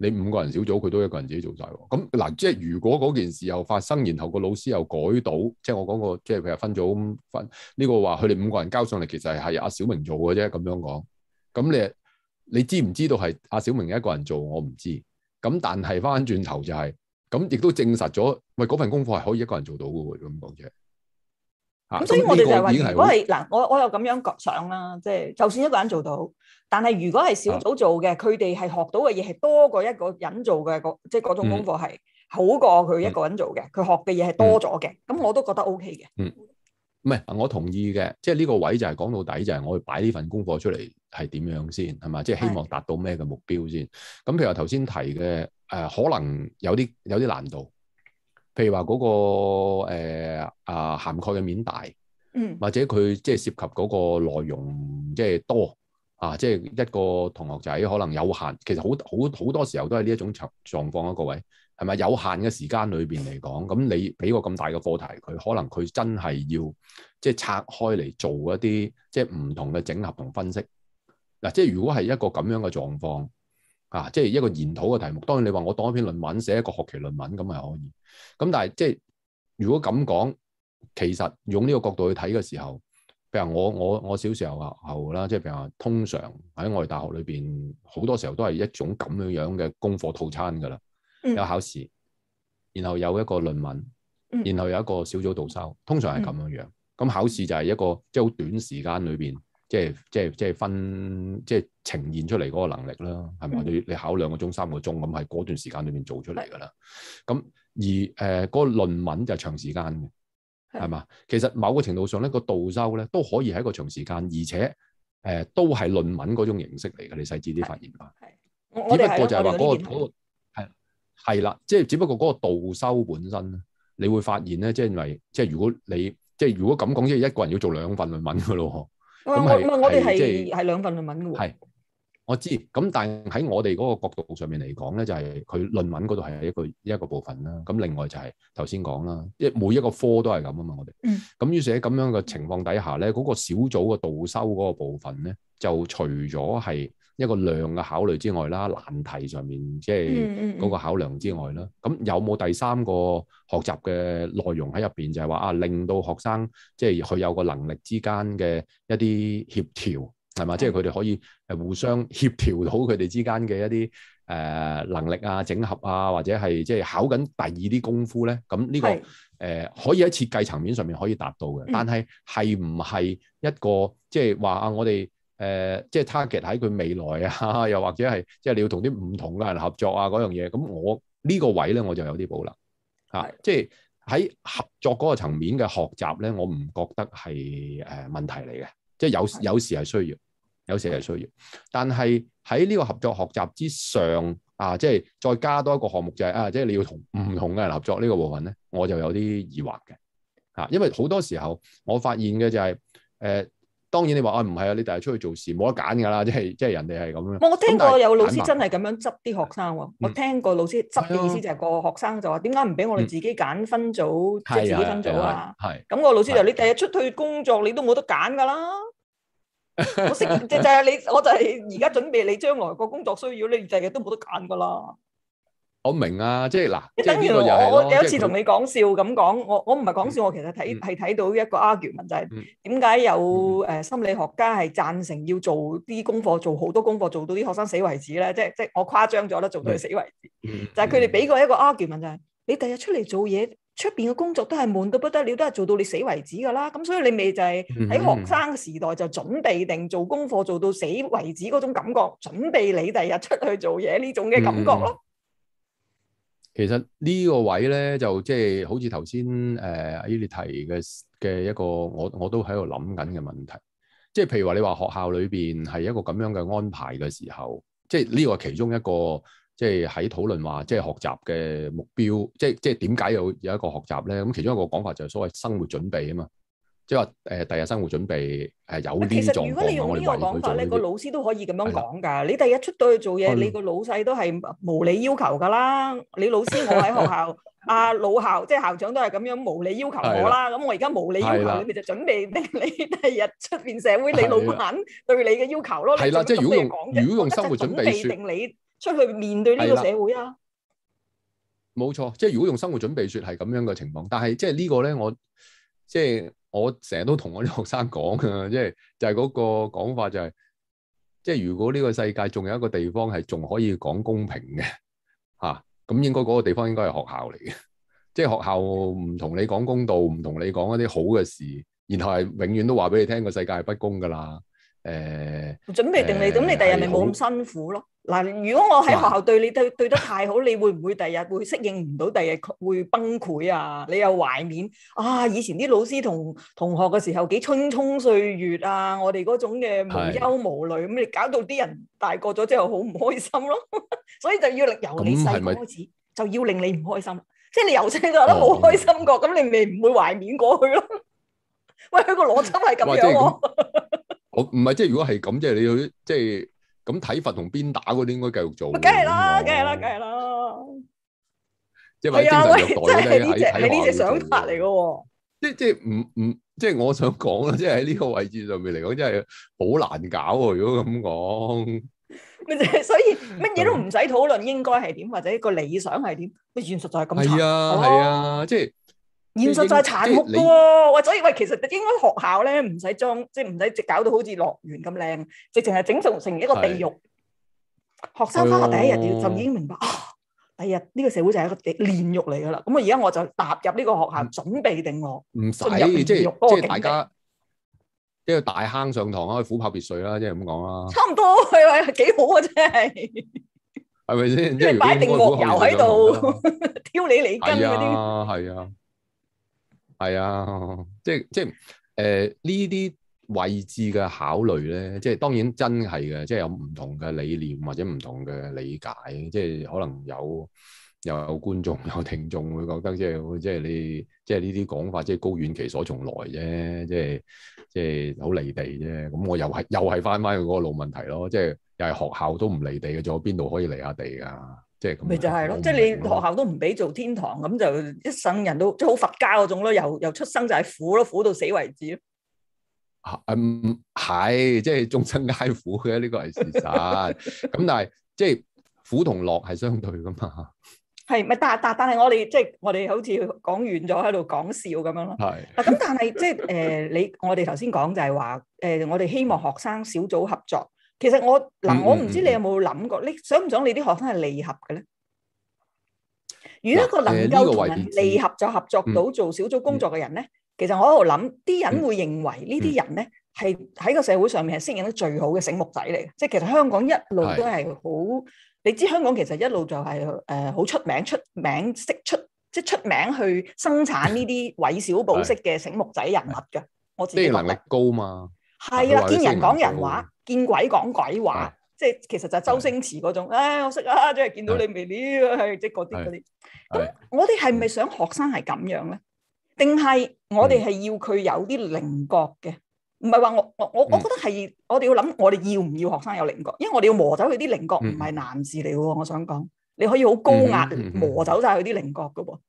你五個人小組，佢都一個人自己做晒喎。咁嗱、啊，即係如果嗰件事又發生，然後個老師又改到，即係我講過，即係佢又分組咁分。呢、這個話佢哋五個人交上嚟，其實係阿小明做嘅啫。咁樣講，咁你你知唔知道係阿小明一個人做？我唔知。咁但係翻轉頭就係、是，咁亦都證實咗，喂嗰份功課係可以一個人做到嘅喎。咁講啫。咁、啊嗯、所以我哋就係話，如果係嗱，我我有咁樣構想啦，即、就、係、是、就算一個人做到，但係如果係小組做嘅，佢哋係學到嘅嘢係多過一個人做嘅，嗯、即係嗰種功課係好過佢一個人做嘅，佢、嗯、學嘅嘢係多咗嘅，咁、嗯、我都覺得 O K 嘅。嗯，唔係，我同意嘅，即係呢個位就係講到底就係、是、我擺呢份功課出嚟係點樣先，係嘛？即、就、係、是、希望達到咩嘅目標先？咁譬如話頭先提嘅，誒、呃，可能有啲有啲難度。譬如話嗰個，誒，啊涵蓋嘅面大，嗯，或者佢即係涉及嗰個內容即係多啊，即係一個同學仔可能有限，其實好好好多時候都係呢一種場狀況啊，各位係咪有限嘅時間裏邊嚟講，咁你俾個咁大嘅課題，佢可能佢真係要即係拆開嚟做一啲即係唔同嘅整合同分析嗱，即係如果係一個咁樣嘅狀況。啊，即係一個研討嘅題目，當然你話我當一篇論文，寫一個學期論文咁係可以。咁但係即係如果咁講，其實用呢個角度去睇嘅時候，譬如我我我小時候啊，校啦，即係譬如話通常喺我哋大學裏邊，好多時候都係一種咁樣樣嘅功課套餐噶啦。有考試，然後有一個論文，然後有一個小組導修，通常係咁樣樣。咁考試就係一個即係好短時間裏邊。即係即係即係分即係呈現出嚟嗰個能力啦，係咪、嗯？你你考兩個鐘、三個鐘咁，係嗰段時間裏面做出嚟噶啦。咁而誒，嗰、呃嗰個論文就長時間嘅，係嘛？是的 其實某個程度上咧，嗰個導修咧都可以係一個長時間，而且誒、呃、都係論文嗰種形式嚟嘅。你細緻啲發現下，係，只不過就係話嗰個嗰個係係啦，即係只不過嗰個導修本身，你會發現咧，即係因為即係如果你即係如果咁講，即係、就是、一個人要做兩份論文噶咯。 (laughs) 咁我哋係，係兩份論文嘅。係，我知。咁但係喺我哋嗰個角度上面嚟講咧，就係佢論文嗰度係一個一個部分啦。咁另外就係頭先講啦，即係每一個科都係咁啊嘛。我哋，嗯。咁於是喺咁樣嘅情況底下咧，嗰個小組嘅導修嗰個部分咧，就除咗係。一個量嘅考慮之外啦，難題上面即係嗰個考量之外啦。咁、嗯嗯嗯、有冇第三個學習嘅內容喺入邊？就係話啊，令到學生即係佢有個能力之間嘅一啲協調係嘛？即係佢哋可以誒互相協調到佢哋之間嘅一啲誒、呃、能力啊、整合啊，或者係即係考緊第二啲功夫咧。咁呢、呢個誒是、呃、可以喺設計層面上面可以達到嘅，嗯、但係係唔係一個即係話啊？我哋誒、呃，即係 target 喺佢未來啊，又或者係即係你要同啲唔同嘅人合作啊嗰樣嘢，咁我呢、這個位咧我就有啲保留嚇的、啊，即係喺合作嗰個層面嘅學習咧，我唔覺得係誒問題嚟嘅，即係有有時係需要，有時係需要，但係喺呢個合作學習之上啊，即係再加多一個項目就係、是、啊，即係你要同唔同嘅人合作呢個部分咧，我就有啲疑惑嘅嚇、啊，因為好多時候我發現嘅就係、是、誒。呃當然你話啊唔係啊，你第日出去做事冇得揀㗎啦，即係即係人哋係咁樣。我聽過有老師真係咁樣執啲學生喎。嗯、我聽過老師執嘅意思就係個學生就話點解唔俾我哋自己揀分組，即係、嗯、自己分組啊？咁個老師就話你第日出去工作你都冇得揀㗎啦。 (laughs) 我識就係、是、你，我就係而家準備你將來個工作需要，你第日都冇得揀㗎啦。我明啊，即係嗱，即係等於我我有一次同你講笑咁講，我我唔係講笑，我其實睇係睇到一個 argument 就係點解有誒心理學家係贊成要做啲功課，做好多功課，做到啲學生死為止咧，即係即係我誇張咗啦，做到佢死為止，就係佢哋俾過一個 argument 就係你第日出嚟做嘢，出邊嘅工作都係悶到不得了，都係做到你死為止噶啦，咁所以你咪就係喺學生嘅時代就準備定做功課做到死為止嗰種感覺，準備你第日出去做嘢呢種嘅感覺咯。其實呢個位咧，就即係好似頭先誒阿 Eli 提嘅嘅一個，我我都喺度諗緊嘅問題。即係譬如話你話學校裏邊係一個咁樣嘅安排嘅時候，即係呢個係其中一個，即係喺討論話即係學習嘅目標，即係即係點解有有一個學習咧？咁，嗯，其中一個講法就係所謂生活準備啊嘛。即係話誒，第日生活準備誒有邊狀況你唔可以做？其實如果你用呢個講法咧，個老師都可以咁樣講噶。你第日出到去做嘢，你個老細都係無理要求噶啦。你老師我喺學校，阿老校即係校長都係咁樣無理要求我啦。咁我而家無理要求你，咪就準備定你第日出面社會你老闆對你嘅要求咯。係啦，即係如果用如果用生活準備說，準備定你出去面對呢個社會啊？冇錯，即係如果用生活準備說係咁樣嘅情況，但係即係呢個咧，我即係。我成日都同我啲學生講啊，即係就係嗰個講法就係，即係如果呢個世界仲有一個地方係仲可以講公平嘅，吓咁應該嗰個地方應該係學校嚟嘅，即係學校唔同你講公道，唔同你講一啲好嘅事，然後係永遠都話俾你聽，個世界係不公噶啦，誒，準備定你，咁你第日咪冇咁辛苦咯。嗱，如果我喺學校對你對對得太好，你會唔會第日會適應唔到？第日會崩潰啊？你又懷緬啊？以前啲老師同同學嘅時候幾青春歲月啊！我哋嗰種嘅無憂無慮，咁你搞到啲人大個咗之後好唔開心咯。所以就要由你細個開始，就要令你唔開心。即係你由細到都冇開心過，咁你咪唔會懷緬過去咯。喂，佢個邏輯係咁樣。我唔係即係如果係咁，即係你要即係。咁體罰同鞭打嗰啲應該繼續做，咪梗係啦，梗係啦，梗係啦。因為即係呢隻，你呢隻想法嚟噶喎。即係即係唔唔，即係我想講啦，即係喺呢個位置上面嚟講，即係好難搞。如果咁講，乜嘢，所以乜嘢都唔使討論應該係點，或者個理想係點，咪現實就係咁。係啊，係啊，即係。現實就係殘酷㗎喎，喂，所以喂，其實應該學校咧唔使裝，即係唔使即搞到好似樂園咁靚，直情係整造成一個地獄。學生翻學第一日就已經明白啊！第日呢個社會就係一個地煉獄嚟噶啦。咁我而家我就踏入呢個學校，準備定我唔使即係即係大家一個大坑上堂啦，去虎豹別墅啦，即係咁講啦，差唔多係咪幾好啊？真係係咪先？即係擺定惡牛喺度挑你脷根嗰啲，係啊。係啊，即係即係誒呢啲位置嘅考慮咧，即係當然真係嘅，即係有唔同嘅理念或者唔同嘅理解，即係可能有又有，有觀眾有聽眾會覺得即係即係你即係呢啲講法即係高遠其所從來啫，即係即係好離地啫。咁我又係又係翻翻去嗰個老問題咯，即係又係學校都唔離地嘅，仲有邊度可以離下地啊？咪就係咯，即係你學校都唔俾做天堂咁，就一生人都即係好佛家嗰種咯，由由出生就係苦咯，苦到死為止。啊，嗯，係，即係眾生皆苦嘅呢個係事實。咁 (laughs) 但係，即係苦同樂係相對噶嘛。係咪？但但但係我哋即係我哋好似講遠咗喺度講笑咁樣咯。係。嗱，咁但係即係誒，你我哋頭先講就係話，誒，我哋，呃，希望學生小組合作。其實我嗱，我唔知你有冇諗過，你想唔想你啲學生係離合嘅咧？如果一個能夠同人離合作合作到做小組工作嘅人咧，其實我喺度諗，啲人會認為呢啲人咧係喺個社會上面係適應得最好嘅醒目仔嚟嘅。即係其實香港一路都係好，你知香港其實一路就係誒好出名、出名、識出即係出名去生產呢啲韋小寶式嘅醒目仔人物㗎。我即係能力高嘛。係啊，見人講人話，見鬼講鬼話，的即係其實就周星馳嗰種。唉的、哎，我識啊，即係見到你未咪，啊的，即嗰啲啲。咁的我哋係咪想學生係咁樣咧？定係我哋係要佢有啲稜角嘅？唔係話我我我我覺得係我哋要諗，我哋要唔要學生有稜角？因為我哋要磨走佢啲稜角，唔係難事嚟嘅。我想講，你可以好高壓磨走晒佢啲稜角嘅。係、嗯。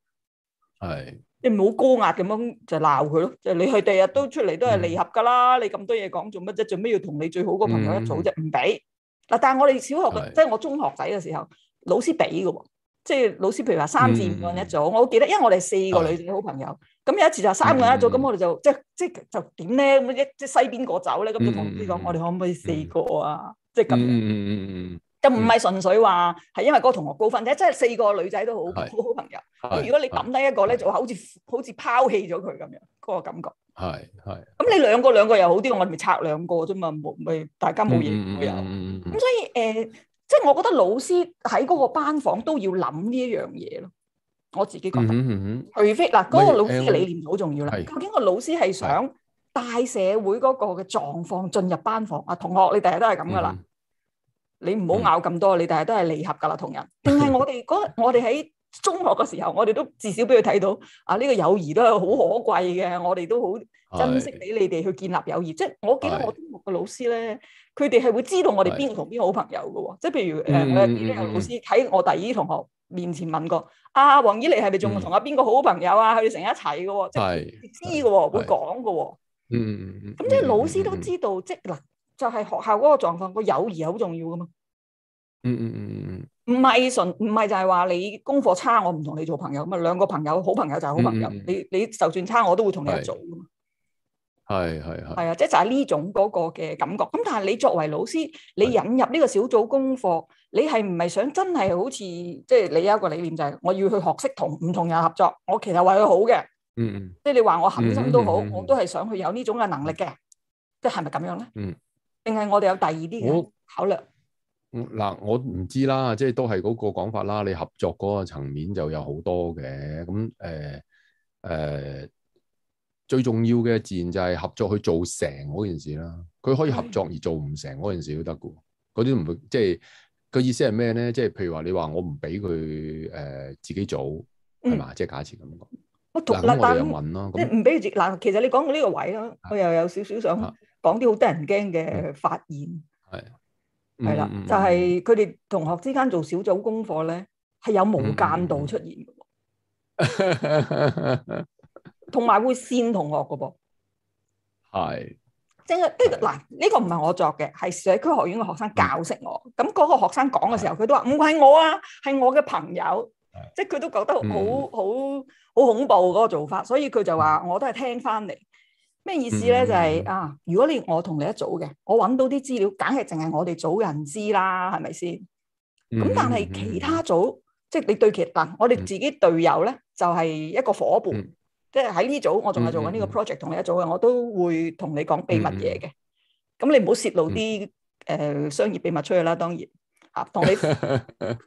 嗯嗯你唔好高壓咁樣就鬧佢咯，即、就、係、是、你佢第日都出嚟都係離合噶啦，嗯、你咁多嘢講做乜啫？做咩要同你最好嗰個朋友一組啫？唔俾。嗱，但係我哋小學嘅，是即係我中學仔嘅時候，老師俾噶喎，即係老師譬如話三至五個人一組，嗯、我好記得，因為我哋四個女仔好朋友，咁是有一次就三個人一組，咁、嗯、我哋就即係即係就點咧咁一即係西邊個走咧，咁就同老師講，我哋可唔可以四個啊？即係咁樣。嗯嗯嗯就唔係純粹話係因為嗰個同學高分，啫，即係四個女仔都好好好朋友。如果你抌低一個咧，就好似好似拋棄咗佢咁樣個感覺。係係。咁你兩個兩個又好啲，我哋咪拆兩個啫嘛，冇咪大家冇嘢冇有。咁所以誒，即係我覺得老師喺嗰個班房都要諗呢一樣嘢咯。我自己覺得，除非嗱，嗰個老師嘅理念好重要啦。究竟個老師係想帶社會嗰個嘅狀況進入班房啊？同學，你第日都係咁噶啦。你唔好咬咁多，你但係都係離合噶啦，同人。定係我哋我哋喺中學嘅時候，我哋都至少俾佢睇到啊，呢個友誼都係好可貴嘅，我哋都好珍惜俾你哋去建立友誼。即係我記得我中學嘅老師咧，佢哋係會知道我哋邊個同邊個好朋友嘅喎。即係譬如誒，我有啲老師喺我第二啲同學面前問過，阿黃以麗係咪仲同阿邊個好朋友啊？佢哋成日一齊嘅喎，即係知嘅喎，會講嘅喎。嗯，咁即係老師都知道，即嗱。就係學校嗰個狀況，個友誼好重要噶嘛。嗯嗯嗯嗯，唔係純唔係就係話你功課差，我唔同你做朋友咁啊。兩個朋友，好朋友就係好朋友。嗯、你你就算差，我都會同你一組噶嘛。係係係。嗯嗯嗯、啊，即係就係、是、呢種嗰個嘅感覺。咁但係你作為老師，你引入呢個小組功課，你係唔係想真係好似即係你有一個理念就係、是、我要去學識同唔同人合作？我其實為佢好嘅。嗯即係你話我恆心都好，嗯嗯嗯嗯、我都係想去有呢種嘅能力嘅。即係咪咁樣咧？嗯。定係我哋有第二啲嘅考慮。嗱，我唔知啦，即係都係嗰個講法啦。你合作嗰個層面就有好多嘅。咁誒誒，最重要嘅自然就係合作去做成嗰件事啦。佢可以合作而做唔成嗰件事都得嘅。嗰啲唔會，即係個意思係咩咧？即係譬如話你話我唔俾佢誒自己做係嘛？即係假設咁講。我同嗱但即係唔俾佢自嗱，其實你講到呢個位啦，我又有少少想。講啲好得人驚嘅發現，係係啦，的嗯、就係佢哋同學之間做小組功課咧，係有無間道出現嘅，同埋、嗯、會扇同學嘅噃，係，即係嗱呢個唔係的、這個、我作嘅，係社區學院嘅學生教識我，咁嗰、嗯、個學生講嘅時候，佢的都話唔係我啊，係我嘅朋友，即係佢都覺得、嗯、好好好恐怖嗰個做法，所以佢就話我都係聽翻嚟。咩意思咧？就係、是、啊，如果你我同你一組嘅，我揾到啲資料，梗係淨係我哋組人知啦，係咪先？咁但係其他組，即係你對其嗱、啊，我哋自己隊友咧，就係、是、一個伙伴，即係喺呢組我仲係做緊呢個 project，同你一組嘅，我都會同你講秘密嘢嘅，咁你唔好泄露啲誒、呃、商業秘密出去啦，當然。同 (laughs) 你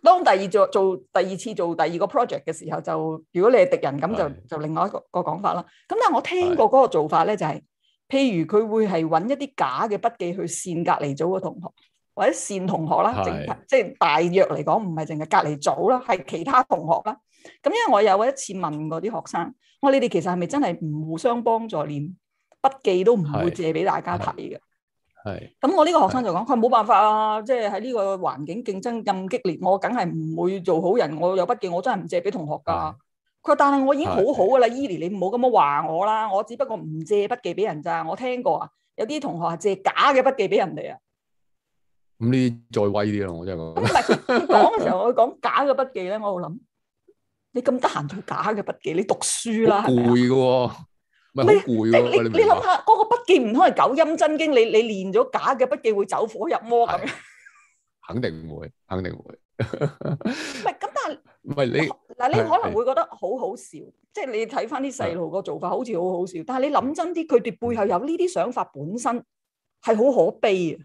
當第二做做第二次做第二個 project 嘅時候，就如果你係敵人咁，就的就另外一個一個講法啦。咁但係我聽過嗰個做法呢，的就係譬如佢會係揾一啲假嘅筆記去線隔離組嘅同學，或者線同學啦，的即係大約嚟講，唔係淨係隔離組啦，係其他同學啦。咁因為我有一次問過啲學生，我話你哋其實係咪真係唔互相幫助，連筆記都唔會借俾大家睇嘅？的係，咁我呢個學生就講，佢冇辦法啊，即係喺呢個環境競爭咁激烈，我梗係唔會做好人，我有筆記我真係唔借俾同學噶。佢話但係我已經好好噶啦，伊研你唔好咁樣話我啦，我只不過唔借筆記俾人咋。我聽過啊，有啲同學係借假嘅筆記俾人哋啊。咁呢啲再威啲咯，我真係講。唔係講嘅時候，我講假嘅筆記咧，我喺度諗，你咁得閒做假嘅筆記，你讀書啦，攰噶。唔係好攰咯，你你諗下嗰個筆記唔通係九陰真經，你你練咗假嘅筆記會走火入魔咁樣，肯定唔會，肯定唔會。唔係咁，但係唔係你嗱你，你可能會覺得好好笑，的即係你睇翻啲細路個做法，好似好好笑。的但係你諗真啲，佢哋背後有呢啲想法，本身係好可悲啊！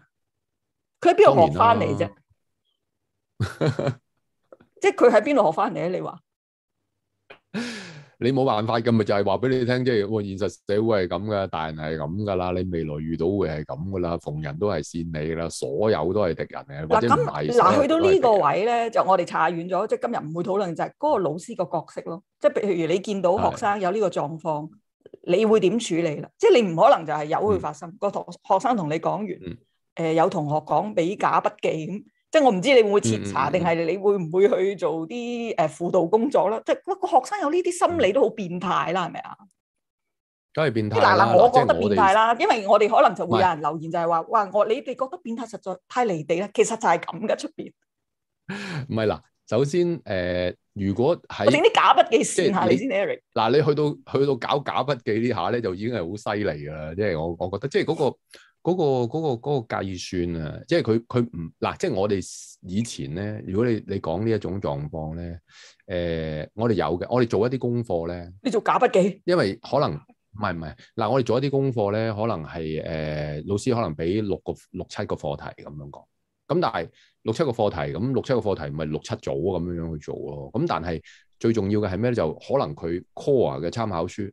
佢喺邊度學翻嚟啫？即係佢喺邊度學翻嚟咧？你話？你冇辦法嘅，咪就係話俾你聽，即係現實社會係咁噶，大人係咁噶啦，你未來遇到會係咁噶啦，逢人都係善你啦，所有都係敵人嘅。嗱咁，嗱去到呢個位咧，就我哋扯遠咗，即係今日唔會討論就係嗰個老師個角色咯。即係譬如你見到學生有呢個狀況，你會點處理啦？即係你唔可能就係有會發生個同學生同你講完，誒有同學講比假筆記咁。即係我唔知你會唔會徹查，定係你會唔會去做啲誒輔導工作咧？即係個個學生有呢啲心理都好變態啦，係咪啊？梗係變態啦！嗱嗱，我覺得變態啦，因為我哋可能就會有人留言就係話：哇！我你哋覺得變態實在太離地啦，其實就係咁嘅出邊。唔係嗱，首先誒，如果係整啲假筆記，即係你先，Eric 嗱，你去到去到搞假筆記呢下咧，就已經係好犀利㗎啦！即係我我覺得，即係嗰個。嗰個嗰個嗰個計算啊，即係佢佢唔嗱，即係我哋以前咧，如果你你講呢一種狀況咧，誒，我哋有嘅，我哋做一啲功課咧，你做假筆記，因為可能唔係唔係嗱，我哋做一啲功課咧，可能係誒老師可能俾六個六七個課題咁樣講，咁但係六七個課題咁六七個課題唔係六七組咁樣樣去做咯，咁但係最重要嘅係咩咧？就可能佢 core 嘅參考書。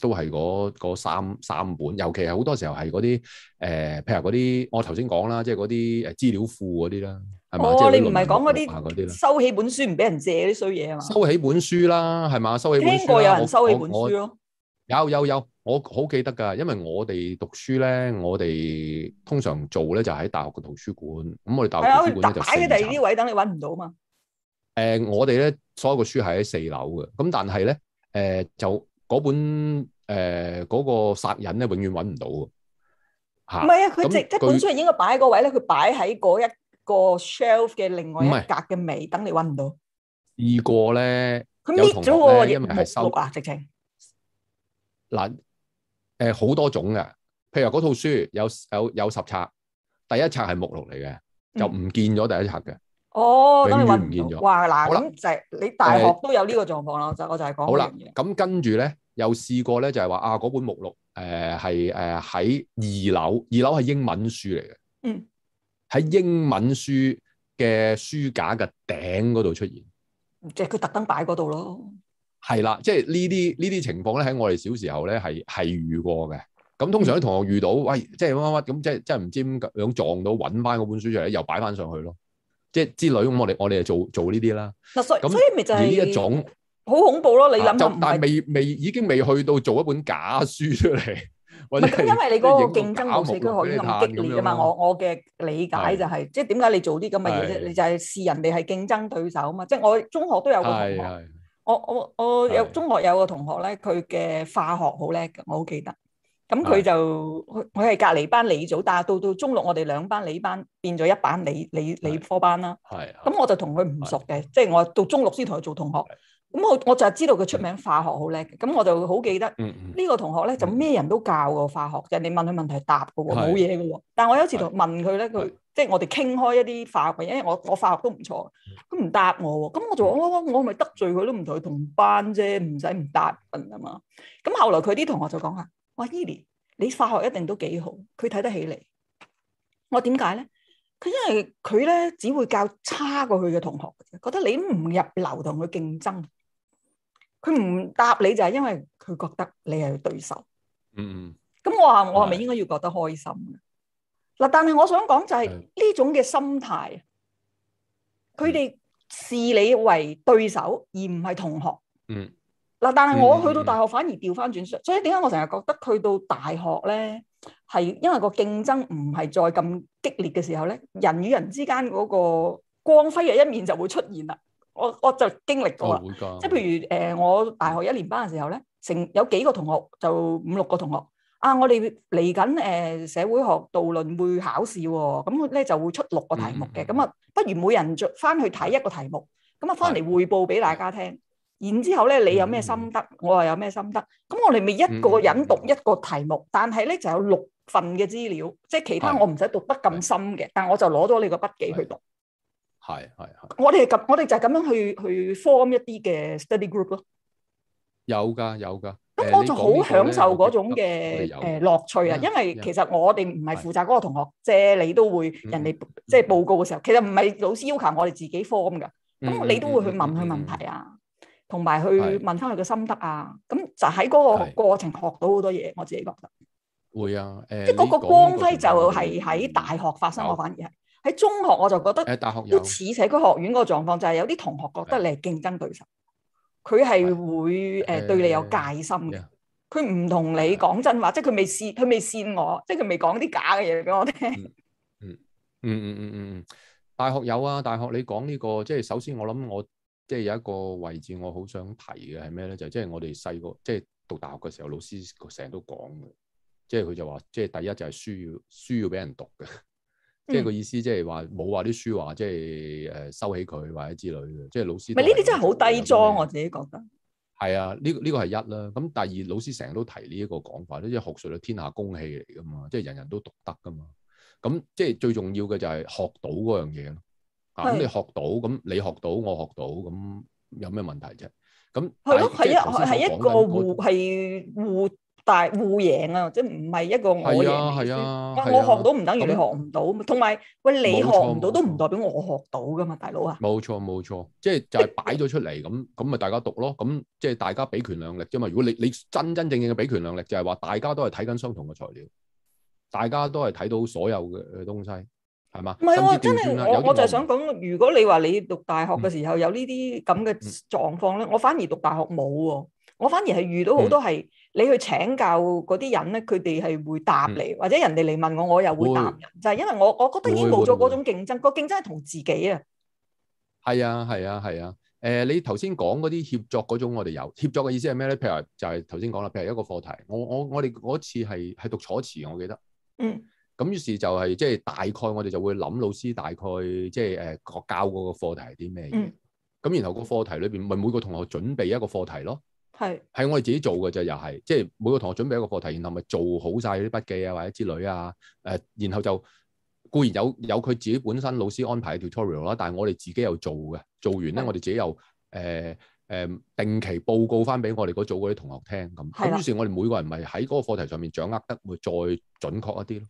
都係嗰三,三本，尤其係好多時候係嗰啲誒，譬如嗰啲我頭先講啦，即係嗰啲誒資料庫嗰啲啦，係嘛？哦、即你唔係講嗰啲收起本書唔俾人借啲衰嘢係嘛？收起本書啦，係嘛？收起本書。聽過有人收起本書咯？有有有，我好記得噶，因為我哋讀書咧，我哋通常做咧就喺、是、大學嘅圖書館。咁我哋大學圖書館咧擺喺第二啲位，等你搵唔到嘛。誒、呃，我哋咧所有嘅書係喺四樓嘅，咁、嗯、但係咧誒就。嗰本誒嗰個殺人咧，永遠揾唔到嘅吓。唔係啊，佢直即本書係應該擺喺個位咧，佢擺喺嗰一個 shelf 嘅另外一格嘅尾，等你揾唔到。二個咧，佢搣咗喎，一唔係收啊！直情嗱，誒，好多種嘅，譬如話嗰套書有有有十冊，第一冊係目錄嚟嘅，就唔見咗第一冊嘅。哦，咁你揾唔見咗？哇！嗱，咁就你大學都有呢個狀況囉，就我就係講。好啦，咁跟住咧。又試過咧，就係話啊，嗰本目錄，誒係誒喺二樓，二樓係英文書嚟嘅，嗯，喺英文書嘅書架嘅頂嗰度出現，即係佢特登擺嗰度咯，係啦，即係呢啲呢啲情況咧，喺我哋小時候咧係係遇過嘅，咁通常啲同學遇到，喂、哎，即係乜乜咁，即係即係唔知點樣撞到搵返嗰本書出嚟，又擺返上去咯，即係之類，咁我哋我哋就做做呢啲啦，咁所以咪就係、是、呢一種。好恐怖咯！你諗下，但係未未已經未去到做一本假書出嚟，因為你嗰個競爭嘅死機可以咁激烈噶嘛？我我嘅理解就係，即係點解你做啲咁嘅嘢啫？你就係視人哋係競爭對手啊嘛！即係我中學都有個同學，我我我有中學有個同學咧，佢嘅化學好叻嘅，我好記得。咁佢就佢係隔籬班理組，但係到到中六，我哋兩班理班變咗一班理理理科班啦。係，咁我就同佢唔熟嘅，即係我到中六先同佢做同學。咁我我就係知道佢出名化學好叻，咁我就好記得呢個同學咧，就咩人都教過化學嘅，你、嗯嗯、問佢問題答嘅喎，冇嘢嘅喎。但我有一次問是就問佢咧，佢即係我哋傾開一啲化學嘅，是因為我我化學都唔錯，佢唔是答我喎，咁我就話、嗯、我我咪得罪佢都唔同佢同班啫，唔使唔答人啊嘛。咁後來佢啲同學就講下：「哇，伊研，你化學一定都幾好，佢睇得起你。」我點解咧？佢因為佢咧只會教差過佢嘅同學，覺得你唔入流同佢競爭。佢唔答你，就係、是、因為佢覺得你係對手。嗯，咁我話我係咪應該要覺得開心？嗱的，但係我想講就係呢種嘅心態，佢哋的視你為對手而唔係同學。嗯，嗱，但係我去到大學反而調翻轉，嗯、所以點解我成日覺得去到大學咧，係因為個競爭唔係再咁激烈嘅時候咧，人與人之間嗰個光輝嘅一面就會出現啦。我我就經歷過啦，哦、即係譬如誒，我大學一年班嘅時候咧，成有幾個同學就五六個同學啊，我哋嚟緊誒社會學導論會考試喎、哦，咁咧就會出六個題目嘅，咁啊、嗯，不如每人做翻去睇一個題目，咁啊翻嚟匯報俾大家聽，然之後咧你有咩心得，我又有咩心得，咁我哋咪一個人讀一個題目，嗯嗯、但係咧就有六份嘅資料，即係其他我唔使讀得咁深嘅，嗯、但我就攞咗你個筆記去讀。嗯係係係，我哋係咁，我哋就係咁樣去去 form 一啲嘅 study group 咯。有噶有噶，咁我就好享受嗰種嘅誒樂趣啊！因為其實我哋唔係負責嗰個同學，即係你都會人哋即係報告嘅時候，其實唔係老師要求我哋自己 form 噶，咁你都會去問佢問題啊，同埋去問翻佢嘅心得啊，咁就喺嗰個過程學到好多嘢，我自己覺得會啊，誒，即係嗰個光輝就係喺大學發生，我反而係。喺中學我就覺得、uh, 大學都似社區學院嗰個狀況，就係有啲同學覺得你係競爭對手，佢係 Yes. 會誒對，對你有戒心，嘅。佢唔同你講真話，即係佢未綫，佢未綫我，即係佢未講啲假嘅嘢俾我聽。 (laughs) 嗯嗯嗯嗯嗯，嗯，嗯，大學有啊，大學你講呢、這個，即係首先我諗我即係、就是、有一個位置，我好想提嘅係咩咧？就即、是、係我哋細個即係讀大學嘅時候，老師成日都講嘅，即係佢就話、是，即、就、係、是、第一就係書要書要俾人讀嘅。即係個意思，即係話冇話啲書話，即係誒收起佢或者之類嘅，即係老師。咪呢啲真係好低莊，我自己覺得。係啊，呢呢個係一啦。咁第二，老師成日都提呢一個講法，即係學術係天下公器嚟噶嘛，即係人人都讀得噶嘛。咁即係最重要嘅就係學到嗰樣嘢咯。啊是，咁你學到，咁你學到，我學到，咁有咩問題啫？咁係咯，係的是一係一個互係互。大互贏啊，即係唔係一個我贏？係啊，係啊。我學到唔等於你學唔到，同埋樣喂你學唔到都唔代表我學到噶嘛，大佬啊！冇錯冇錯，即係就係擺咗出嚟咁咁咪大家讀咯，咁即係大家比權量力啫嘛。如果你你真真正正嘅比權量力就係、是、話，大家都係睇緊相同嘅材料，大家都係睇到所有嘅嘅東西，係嘛？唔係喎，真係的我我就係想講，如果你話你讀大學嘅時候有呢啲咁嘅狀況咧，嗯、我反而讀大學冇喎，我反而係遇到好多係、嗯。嗯。你去請教嗰啲人咧，佢哋係會答你，嗯、或者人哋嚟問我，我又會答人。會就係因為我我覺得已經冇咗嗰種競爭，個競爭係同自己啊。係啊，係啊，係啊。誒，你頭先講嗰啲協作嗰種，我哋有協作嘅意思係咩咧？譬如就係頭先講啦，譬如一個課題，我我我哋嗰次係係讀楚辭，我記得。嗯。咁於是就係即係大概我哋就會諗老師大概即係誒教嗰個課題係啲咩嘢？咁然後個課題裏邊，咪、嗯、每個同學準備一個課題咯。係，係我哋自己做嘅啫，又係，即係每個同學準備一個課題，然後咪做好晒啲筆記啊，或者之類啊，誒、呃，然後就固然有有佢自己本身老師安排嘅 tutorial 啦，但係我哋自己又做嘅，做完咧，的我哋自己又誒誒、呃呃、定期報告翻俾我哋嗰組嗰啲同學聽咁，於是，的是我哋每個人咪喺嗰個課題上面掌握得會再準確一啲咯。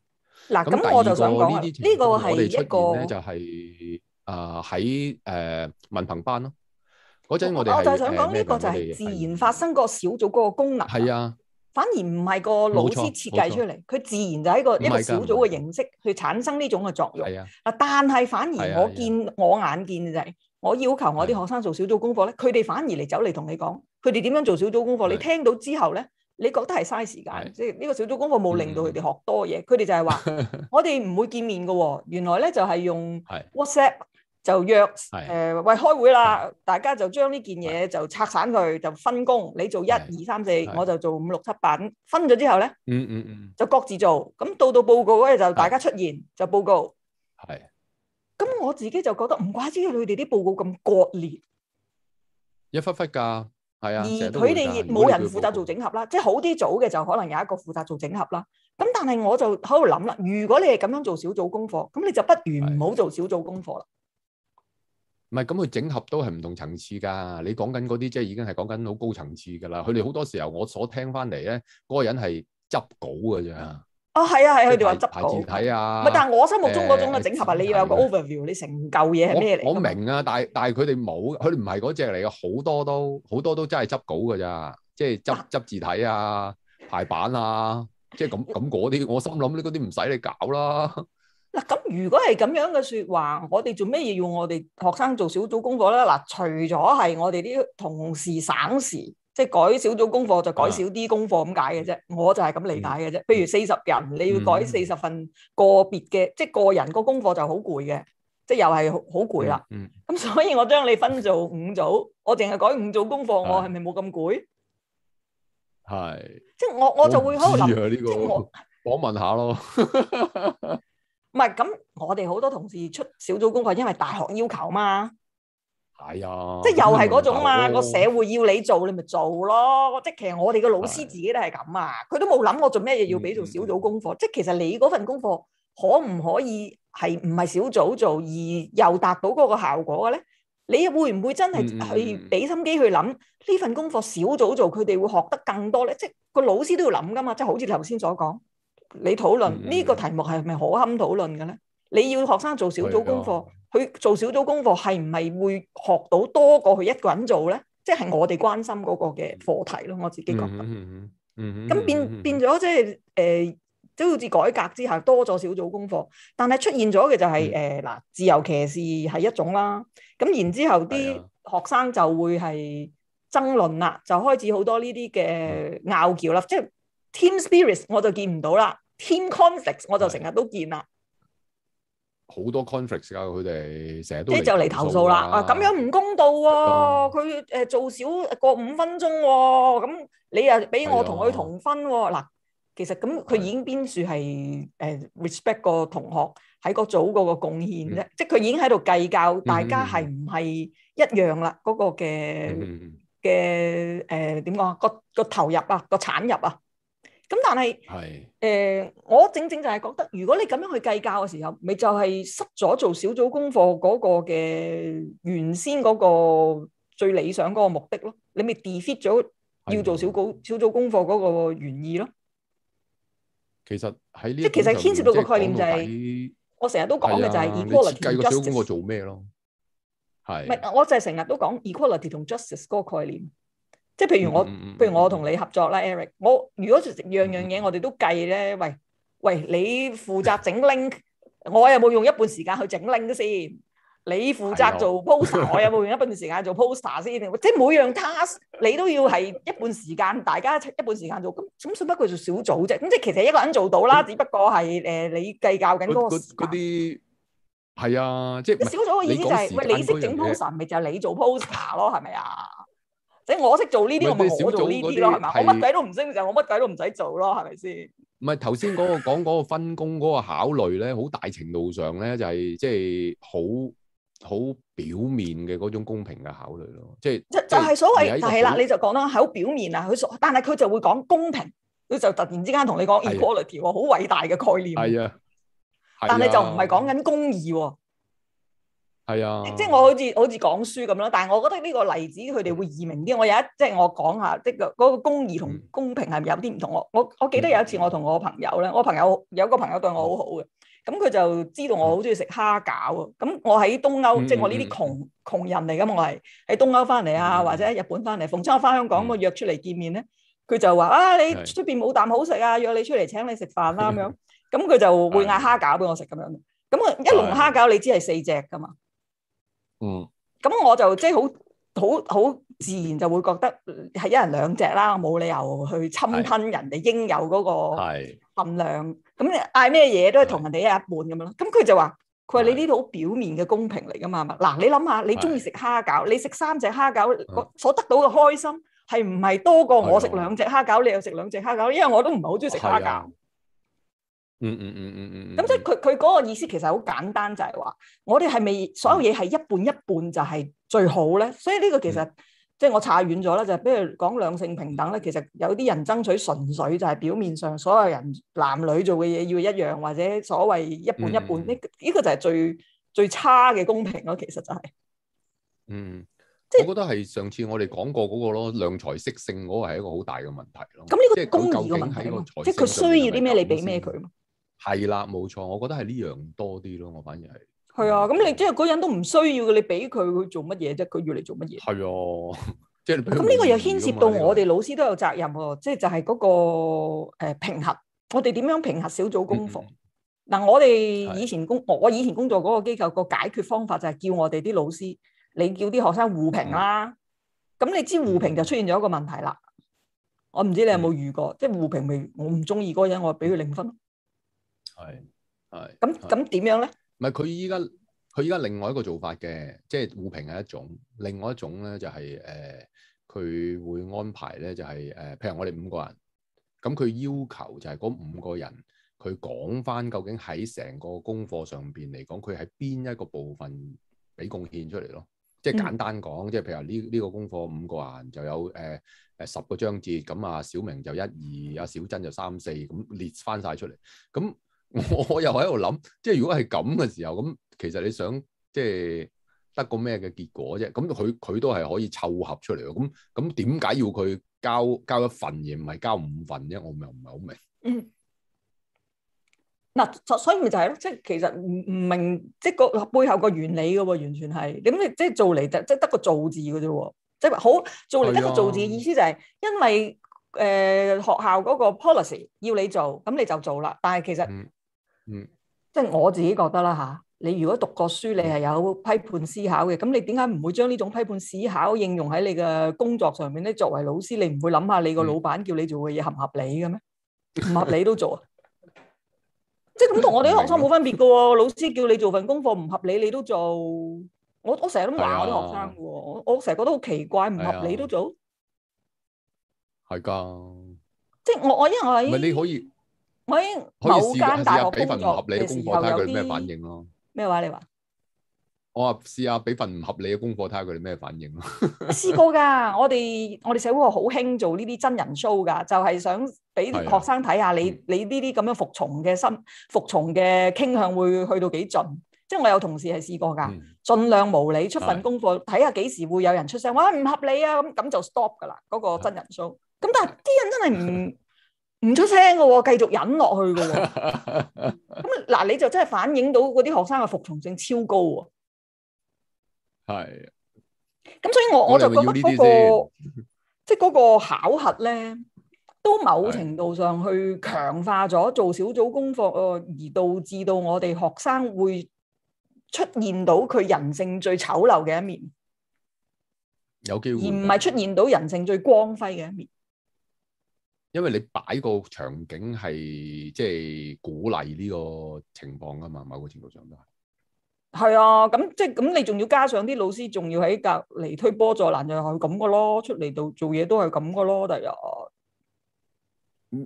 嗱，咁第二個呢啲，呢個係我哋出現咧就係啊喺誒文憑班咯。嗰陣我哋，我就係想講呢個就係自然發生個小組嗰個功能，係啊，反而唔係個老師設計出嚟，佢自然就係一個一個小組嘅形式去產生呢種嘅作用，啊，但係反而我見我眼見就係，我要求我啲學生做小組功課咧，佢哋反而嚟走嚟同你講，佢哋點樣做小組功課，你聽到之後咧，你覺得係嘥時間，即係呢個小組功課冇令到佢哋學多嘢，佢哋就係話，我哋唔會見面噶，原來咧就係用 WhatsApp。就約誒喂開會啦，大家就將呢件嘢就拆散佢，就分工。你做一二三四，我就做五六七八。分咗之後咧，嗯嗯嗯，就各自做。咁到到報告嗰日就大家出現就報告。係。咁我自己就覺得唔怪之嘅，佢哋啲報告咁割裂，一忽忽㗎，係啊。而佢哋冇人負責做整合啦，即係好啲組嘅就可能有一個負責做整合啦。咁但係我就喺度諗啦，如果你係咁樣做小組功課，咁你就不如唔好做小組功課啦。唔係咁，佢整合都係唔同層次噶。你講緊嗰啲，即係已經係講緊好高層次噶啦。佢哋好多時候我所聽翻嚟咧，嗰、嗰個人係執稿嘅咋。哦、啊，係啊，係，佢哋話執字體啊。唔係，但係我心目中嗰種嘅整合啊，你要有個 overview，你成嚿嘢係咩嚟？我明啊，但係但係佢哋冇，佢哋唔係嗰隻嚟嘅。好多都好多都真係執稿嘅咋，即係執執字體啊、排版啊，即係咁咁嗰啲。我心諗呢嗰啲唔使你搞啦。嗱咁、啊，如果係咁樣嘅説話，我哋做咩嘢要我哋學生做小組功課咧？嗱、啊，除咗係我哋啲同事省時，即係改小組功課就改少啲功課咁解嘅啫。啊、我就係咁理解嘅啫。嗯、譬如四十人，你要改四十份個別嘅、嗯，即係個人個功課就好攰嘅，即係又係好攰啦。咁、嗯啊、所以，我將你分做五組，我淨係改五組功課，我係咪冇咁攰？係、這個。即係我我就會喺度諗，即係我問下咯。唔係咁，我哋好多同事出小組功課，因為大學要求嘛。係、哎、呀啊，即係又係嗰種嘛。個社會要你做，你咪做咯。即係其實我哋個老師自己都係咁啊。佢是都冇諗過做咩嘢要俾做小組功課。嗯嗯即係其實你嗰份功課可唔可以係唔係小組做而又達到嗰個效果嘅咧？你會唔會真係去俾心機去諗呢份功課小組做，佢哋會，會，、嗯嗯嗯、會學得更多咧？即係個老師都要諗噶嘛。即係好似你頭先所講。你討論呢個題目係咪可堪討論嘅咧？你要學生做小組功課，佢做小組功課係唔係會學到多過佢一個人做咧？即係我哋關心嗰個嘅課題咯，我自己覺得。嗯嗯嗯咁變變咗即係誒，都好似改革之下多咗小組功課，但係出現咗嘅就係誒嗱，自由騎士係一種啦。咁然之後啲學生就會係爭論啦，就開始好多呢啲嘅拗撬啦，即係。Team spirit 我就見唔到啦，Team conflicts 我就成日都見啦，好多 conflicts 啊！佢哋成日都即就嚟投訴啦啊！咁樣唔公道喎，佢誒做少過五分鐘喎，咁你又俾我同佢同分喎嗱，其實咁佢已經邊處係誒 respect 個同學喺個組嗰個貢獻啫，即係佢已經喺度計較大家係唔係一樣啦嗰個嘅嘅誒點講啊個投入啊個產入啊。咁但係，誒的、呃，我整整就係覺得，如果你咁樣去計較嘅時候，咪就係失咗做小組功課嗰個嘅原先嗰個最理想嗰個目的咯，你咪 defeat 咗要做小組的小組功課嗰個原意咯。其實喺呢度，即係其實牽涉到個概念就係，我成日都講嘅就係 equality 同 justice 嗰個概念。即係譬如我，譬如我同你合作啦，Eric。我如果樣樣嘢我哋都計咧，喂喂，你負責整 link，我有冇用一半時間去整 link 先？你負責做 poster，我有冇用一半時間做 poster 先？即係每樣 task 你都要係一半時間，大家一半時間做。咁咁，使乜佢做小組啫？咁即係其實一個人做到啦，只不過係誒你計較緊嗰個。嗰啲係啊，即係。小組嘅意思就係，喂，你識整 poster，咪就係你做 poster 咯，係咪啊？即係我識做呢啲，我咪好做呢啲咯，係嘛？我乜計都唔識嘅時候，我乜計都唔使做咯，係咪先？唔係頭先嗰個講嗰個分工嗰個考慮咧，好大程度上咧就係即係好好表面嘅嗰種公平嘅考慮咯，即係就係、是就是就是、所謂係啦，你就講啦，好表面啊，佢但係佢就會講公平，佢就突然之間同你講 equality 好偉、啊、大嘅概念，係啊，但係就唔係講緊公義啊。係啊，即係我好似好似講書咁咯，但係我覺得呢個例子佢哋會易明啲。我有一即係我講下，即個嗰個公義同公平係咪有啲唔同？我我我記得有一次我同我朋友咧，我朋友有個朋友對我好好嘅，咁佢就知道我好中意食蝦餃啊。咁我喺東歐，即係我呢啲窮窮人嚟噶嘛，我係喺東歐翻嚟啊，或者日本翻嚟，逢親我翻香港咁啊，約出嚟見面咧，佢就話啊，你出邊冇啖好食啊，約你出嚟請你食飯啦咁樣。咁佢就會嗌蝦餃俾我食咁樣。咁啊，一籠蝦餃你只係四隻噶嘛？嗯，咁我就即係好好好自然就會覺得係一人兩隻啦，冇理由去侵吞人哋應有嗰個份量。咁嗌咩嘢都係同人哋一一半咁樣咯。咁佢是就話：佢話你呢度好表面嘅公平嚟㗎嘛？嗱，你諗下，你中意食蝦餃，是你食三隻蝦餃，是所得到嘅開心係唔係多過我食兩隻蝦餃？的你又食兩隻蝦餃，因為我都唔係好中意食蝦餃。的嗯嗯嗯嗯嗯，咁即係佢佢嗰個意思其實好簡單，就係話我哋係咪所有嘢係一半一半就係最好咧？所以呢個其實即係我岔遠咗啦，就係比如講兩性平等咧，其實有啲人爭取純粹就係表面上所有人男女做嘅嘢要一樣，或者所謂一半一半呢？呢個就係最最差嘅公平咯，其實就係，嗯，即係我覺得係上次我哋講過嗰個咯，量才適性嗰個係一個好大嘅問題咯。咁呢個公義嘅問題，即係佢需要啲咩，你俾咩佢。係啦，冇錯，我覺得係呢樣多啲咯。我反而係係啊，咁、嗯嗯、你即係嗰人都唔需要嘅，你俾佢去做乜嘢啫？佢要嚟做乜嘢？係啊，即係咁呢個又牽涉到我哋老師都有責任喎、啊。即係的就係嗰、那個、呃、平衡，我哋點樣平衡小組功課？嗱、嗯嗯，但我哋以前工，的我以前工作嗰個機構個解決方法就係叫我哋啲老師，你叫啲學生互評啦、啊。咁、嗯、你知互評就出現咗一個問題啦。我唔知你有冇遇過，嗯、即係互評未？我唔中意嗰人，我俾佢零分。係係，咁咁點樣咧？唔係佢依家，佢依家另外一個做法嘅，即係互評係一種，另外一種咧就係、是、誒、佢、呃、會安排咧就係、是、誒、呃，譬如我哋五個人，咁佢要求就係嗰五個人佢講翻究竟喺成個功課上邊嚟講，佢喺邊一個部分俾貢獻出嚟咯。即係簡單講，即係、嗯、譬如呢呢個功課五個人就有誒誒、呃、十個章節，咁阿小明就一二，阿小珍就三四，咁列翻晒出嚟，咁。我又喺度諗，即係如果係咁嘅時候，咁其實你想即係得個咩嘅結果啫？咁佢佢都係可以湊合出嚟咯。咁咁點解要佢交交一份嘢，唔係交五份啫？我又唔係好明。嗯，嗱，所以咪就係、是，即係其實唔唔明，即係個背後個原理嘅、啊、喎，完全係，咁即係做嚟就即係得個造字嘅啫。即係、啊、好做嚟得個造字，嘅、啊、意思就係因為誒、呃、學校嗰個 policy 要你做，咁你就做啦。但係其實、嗯。嗯，即係我自己覺得啦吓、啊，你如果讀過書，你係有批判思考嘅，咁你點解唔會將呢種批判思考應用喺你嘅工作上面咧？作為老師，你唔會諗下你個老闆叫你做嘅嘢，合唔合理嘅咩？唔合理都做啊！ (laughs) 即係咁同我哋啲學生冇分別嘅， (laughs) 老師叫你做份功課唔合理，你都做。我我成日都話我啲學生嘅。的我我成日覺得好奇怪，唔合理都做係噶，的即係我我因為我唔係你可以。我已喺某間大學俾份唔合理嘅功課，睇下佢咩反應咯、啊。咩話、啊？你話我話試下俾份唔合理嘅功課，睇下佢哋咩反應咯、啊。試 (laughs) 過噶，我哋我哋社會好興做呢啲真人 show 噶，就係、是、想俾學生睇下你、啊、你呢啲咁樣服從嘅心，嗯、服從嘅傾向會去到幾盡。即係我有同事係試過噶，盡、嗯、量無理出份功課，睇下幾時會有人出聲。哇，唔合理啊！咁咁就 stop 噶啦。嗰、那個真人 show。咁但係啲人真係唔。的唔出聲嘅喎，繼續忍落去嘅喎。咁嗱， (laughs) 你就真係反映到嗰啲學生嘅服從性超高啊！係。咁所以我 (laughs) 我就覺得嗰個，即係嗰個考核咧，都某程度上去強化咗做小組功課，而導致到我哋學生會出現到佢人性最醜陋嘅一面。有機會。而唔係出現到人性最光輝嘅一面。因為你擺個場景係即係鼓勵呢個情況噶嘛，某個程度上都係係啊，咁即係咁你仲要加上啲老師，仲要喺隔籬推波助瀾就咁嘅咯，出嚟度做嘢都係咁嘅咯，第日。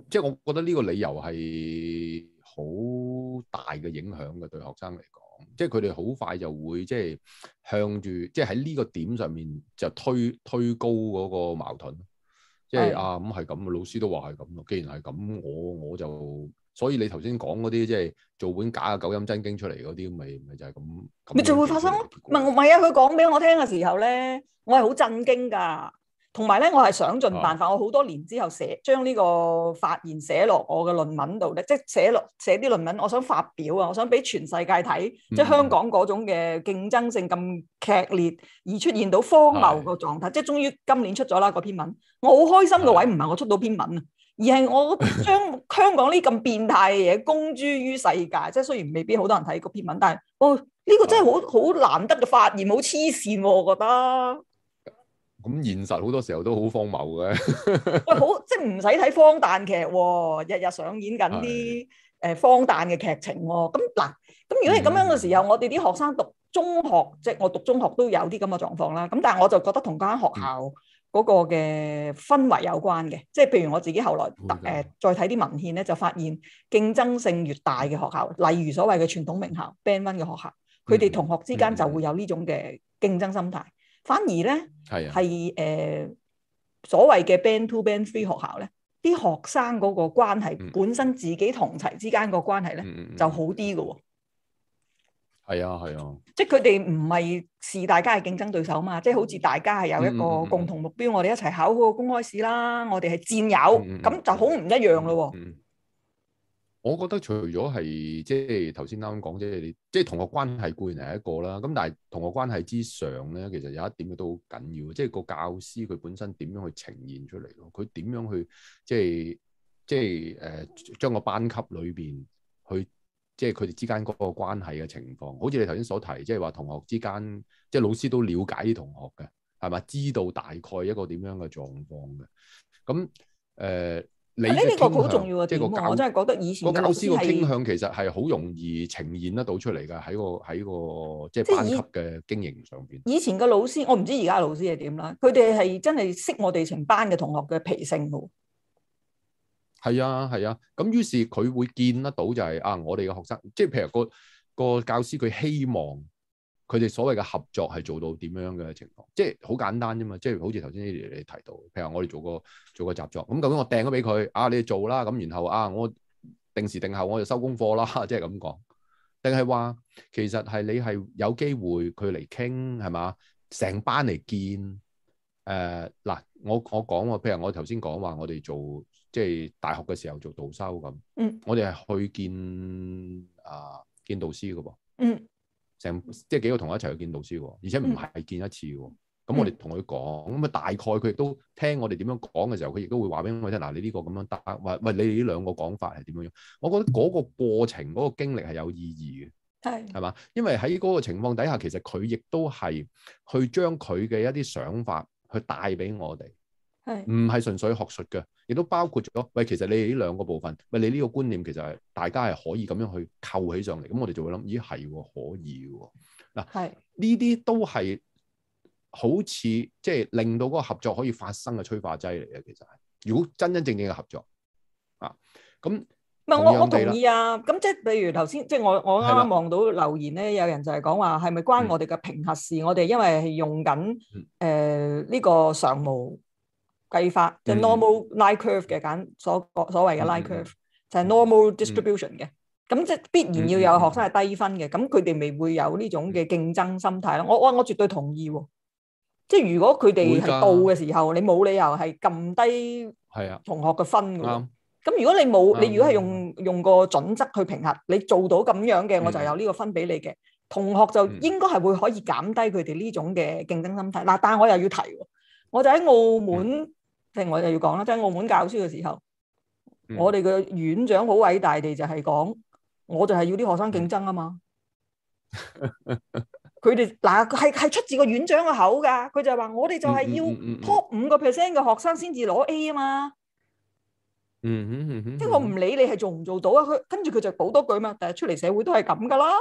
即係、嗯就是、我覺得呢個理由係好大嘅影響嘅，對學生嚟講，即係佢哋好快就會即係、就是、向住，即係喺呢個點上面就推推高嗰個矛盾。即係啊，咁係咁，老師都話係咁咯。既然係咁，我我就所以你頭先講嗰啲即係做本假嘅九陰真經出嚟嗰啲，咪咪就係咁。你仲會發生？唔係唔係啊！佢講俾我聽嘅時候咧，我係好震驚㗎。同埋咧，我係想盡辦法，我好多年之後寫將呢個發言寫落我嘅論文度咧，即係寫落寫啲論文，我想發表啊，我想俾全世界睇，嗯、即係香港嗰種嘅競爭性咁劇烈而出現到荒謬個狀態，是即係終於今年出咗啦個篇文，我好開心個位唔係我出到篇文啊，是而係我將香港呢咁變態嘅嘢公諸於世界， (laughs) 即係雖然未必好多人睇個篇文，但係哦呢、呢個真係好好難得嘅發言，好黐線喎，我覺得。咁現實好多時候都好荒謬嘅 (laughs) ，喂，好即係唔使睇荒誕劇，哦，日日上演緊啲誒荒誕嘅劇情喎、哦。咁嗱是，咁如果係咁樣嘅時候，嗯、我哋啲學生讀中學，即係我讀中學都有啲咁嘅狀況啦。咁但係我就覺得同間學校嗰個嘅氛圍有關嘅，嗯、即係譬如我自己後來誒的、呃、再睇啲文獻咧，就發現競爭性越大嘅學校，例如所謂嘅傳統名校 Band One 嘅學校，佢哋同學之間就會有呢種嘅競爭心態。嗯嗯。反而咧，係誒、啊呃、所謂嘅 band two band three 學校咧，啲學生嗰個關係、嗯、本身自己同齊之間個關係咧，嗯、就好啲嘅喎。係啊，係啊，即係佢哋唔係視，視視大家係競爭對手嘛，即係好似大家係有一個共同目標，嗯、我哋一齊考嗰個公開試啦，嗯、我哋係戰友，咁、嗯、就好唔一樣咯、哦。嗯嗯我覺得除咗係即係頭先啱啱講，即係你即係同學關係固然係一個啦，咁但係同學關係之上咧，其實有一點都好緊要，即係個教師佢本身點樣去呈現出嚟咯？佢點樣去即係即係誒、呃、將個班級裏邊去即係佢哋之間嗰個關係嘅情況，好似你頭先所提，即係話同學之間，即係老師都了解啲同學嘅，係咪？知道大概一個點樣嘅狀況嘅，咁誒。呃呢你嘅傾向，即係個,個教我真係覺得以前師嘅傾向，其實係好容易呈現得到出嚟㗎。喺個喺個即係班級嘅經營上邊。以前嘅老師，我唔知而家老師係點啦。佢哋係真係識我哋成班嘅同學嘅脾性嘅。係啊，係啊。咁於是佢會見得到就係、是、啊，我哋嘅學生，即係譬如、個、個教師佢希望。佢哋所謂嘅合作係做到點樣嘅情況，即係好簡單啫嘛，即係好似頭先你哋提到，譬如我哋做個做個習作，咁究竟我掟咗俾佢啊，你哋做啦，咁然後啊，我定時定候我就收功課啦，即係咁講，定係話其實係你係有機會佢嚟傾係嘛，成班嚟見誒嗱、呃，我我講喎，譬如我頭先講話，我哋做即係大學嘅時候做導修咁，嗯，我哋係去見啊見導師噶噃，嗯。成即係幾個同學一齊去見導師，而且唔係見一次喎。咁、嗯、我哋同佢講，咁啊、嗯、大概佢都聽我哋點樣講嘅時候，佢亦都會話俾我聽。嗱、啊，你呢個咁樣打，或喂你呢兩個講法係點樣？我覺得嗰個過程嗰、嗰個經歷係有意義嘅，係係嘛？因為喺嗰個情況底下，其實佢亦都係去將佢嘅一啲想法去帶俾我哋。係唔係純粹學術嘅，亦都包括咗喂。其實你呢兩個部分，喂你呢個觀念，其實係大家係可以咁樣去扣起上嚟。咁我哋就會諗，咦係喎，可以嘅喎。嗱，呢啲的都係好似即係令到嗰個合作可以發生嘅催化劑嚟嘅。其實係如果真真正正嘅合作啊，咁唔係我我同意啊。咁即係，例如頭先即係我我啱啱望到留言咧，的有人就係講話係咪關我哋嘅評核事？嗯、我哋因為係用緊誒呢個上務。呃嗯嗯嗯計法就係、normal line curve 嘅揀，所所謂嘅 line curve、嗯、就係 normal distribution 嘅。咁、嗯、即係必然要有學生係低分嘅，咁佢哋咪會有呢種嘅競爭心態咯。我我我絕對同意喎、哦。即係如果佢哋係到嘅時候，啊、你冇理由係撳低係啊同學嘅分㗎。咁、啊、如果你冇，嗯、你如果係用、嗯、用個準則去評核，你做到咁樣嘅，我就有呢個分俾你嘅。同學就應該係會可以減低佢哋呢種嘅競爭心態。嗱、嗯嗯嗯嗯，但我又要提，提，我就喺澳門。聽我就要講啦，即係澳門教書嘅時候，嗯、我哋個院長好偉大地就係講，我就係要啲學生競爭啊嘛。佢哋嗱係係出自個院長嘅口噶，佢就話我哋就係要 top 五個 percent 嘅學生先至攞 A 啊嘛。嗯哼嗯哼，即係我唔理你係做唔做到啊，佢跟住佢就補多句嘛，第日出嚟社會都係咁噶啦。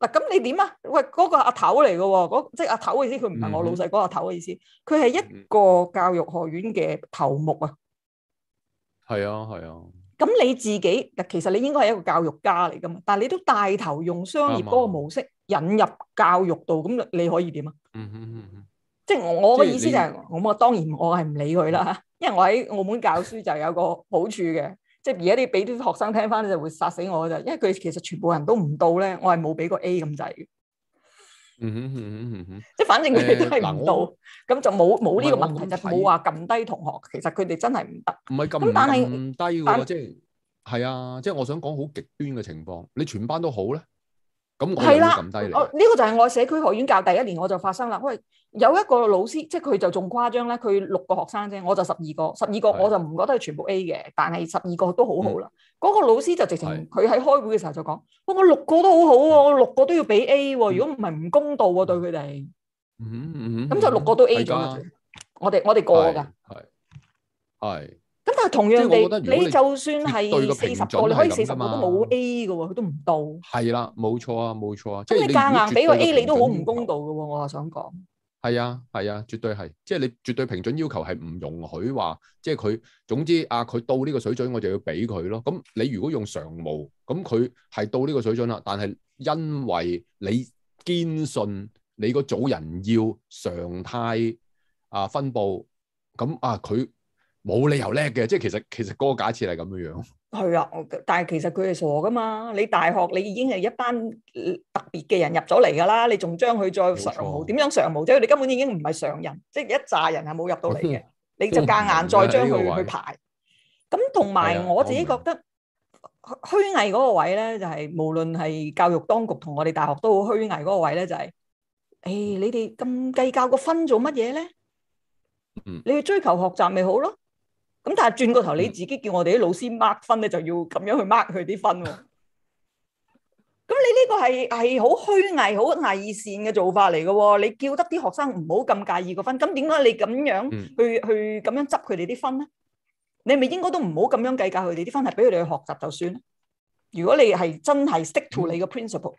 嗱，咁你點啊？喂，嗰、嗰個阿頭嚟嘅、哦，嗰、嗰個、即係阿頭嘅意思，佢唔係我老細嗰個頭嘅意思，佢係一個教育學院嘅頭目啊。係啊、嗯哼，係啊。咁你自己，其實你應該係一個教育家嚟噶嘛，但係你都帶頭用商業嗰個模式引入教育度，咁你可以點啊？嗯嗯哼嗯即係我嘅意思就係、是，我咪、嗯、哼當然我係唔理佢啦，嗯、哼因為我喺澳門教書就有個好處嘅。即係而家啲俾啲學生聽翻你就會殺死我㗎咋，因為佢其實全部人都唔到咧，我係冇俾個 A 咁滯嘅。嗯哼嗯哼哼，即係 (laughs) 反正佢哋都係唔到，咁、呃呃、就冇冇呢個問題，就冇話撳低同學。其實佢哋真係唔得。唔係撳，咁但係是撳低喎，即係係啊，即、就、係、是、我想講好極端嘅情況，你全班都好咧。係啦，我呢、這個就係我社區學院教第一年我就發生啦。因為，有一個老師，即係佢就仲誇張咧，佢六個學生啫，我就十二個，十二個我就唔覺得係全部 A 嘅，的但係十二個都好好啦。嗰、嗯、個老師就直情佢喺開會嘅時候就講：我六個都好好、啊、喎，我六個都要俾 A 喎，如果唔係唔公道喎、啊，對佢哋、嗯。嗯嗯，咁、嗯、就六個都 A 咗、啊，我哋我哋過噶。係係。即係我覺得，你就算係對四十個，你可以四十個都冇 A 嘅喎，佢都唔到。係啦，冇錯啊，冇錯啊！你即係加硬俾個 A，你都好唔公道嘅喎。我係想講。係啊，係啊，絕對係！即係你絕對評準要求係唔容許話，即係佢。總之啊，佢到呢個水準，我就要俾佢咯。咁你如果用常模，咁佢係到呢個水準啦。但係因為你堅信你個組人要常態啊分佈，咁啊佢。冇理由叻嘅，即係其實其實嗰個假設係咁樣樣。係啊，但係其實佢係傻噶嘛？你大學你已經係一班特別嘅人入咗嚟噶啦，你仲將佢再常模？點樣常模啫？佢哋根本已經唔係常人，即係一紮人係冇入到嚟嘅。你就夾硬再將佢去排。咁同埋我自己覺得虛偽嗰個位咧，就係無論係教育當局同我哋大學都好虛偽嗰個位咧，就係誒，你哋咁計較個分做乜嘢咧？嗯，你去追求學習咪好咯。咁但係轉過頭，你自己叫我哋啲老師 mark 分咧，你就要咁樣去 mark 佢啲分。咁 (laughs) 你呢個係係好虛偽、好偽善嘅做法嚟嘅。哦，你叫得啲學生唔好咁介意個分，咁點解你咁樣去，嗯、去咁樣執佢哋啲分咧？你咪應該都唔好咁樣計較佢哋啲分，係俾佢哋去學習就算。如果你係真係 stick to 你嘅 principle，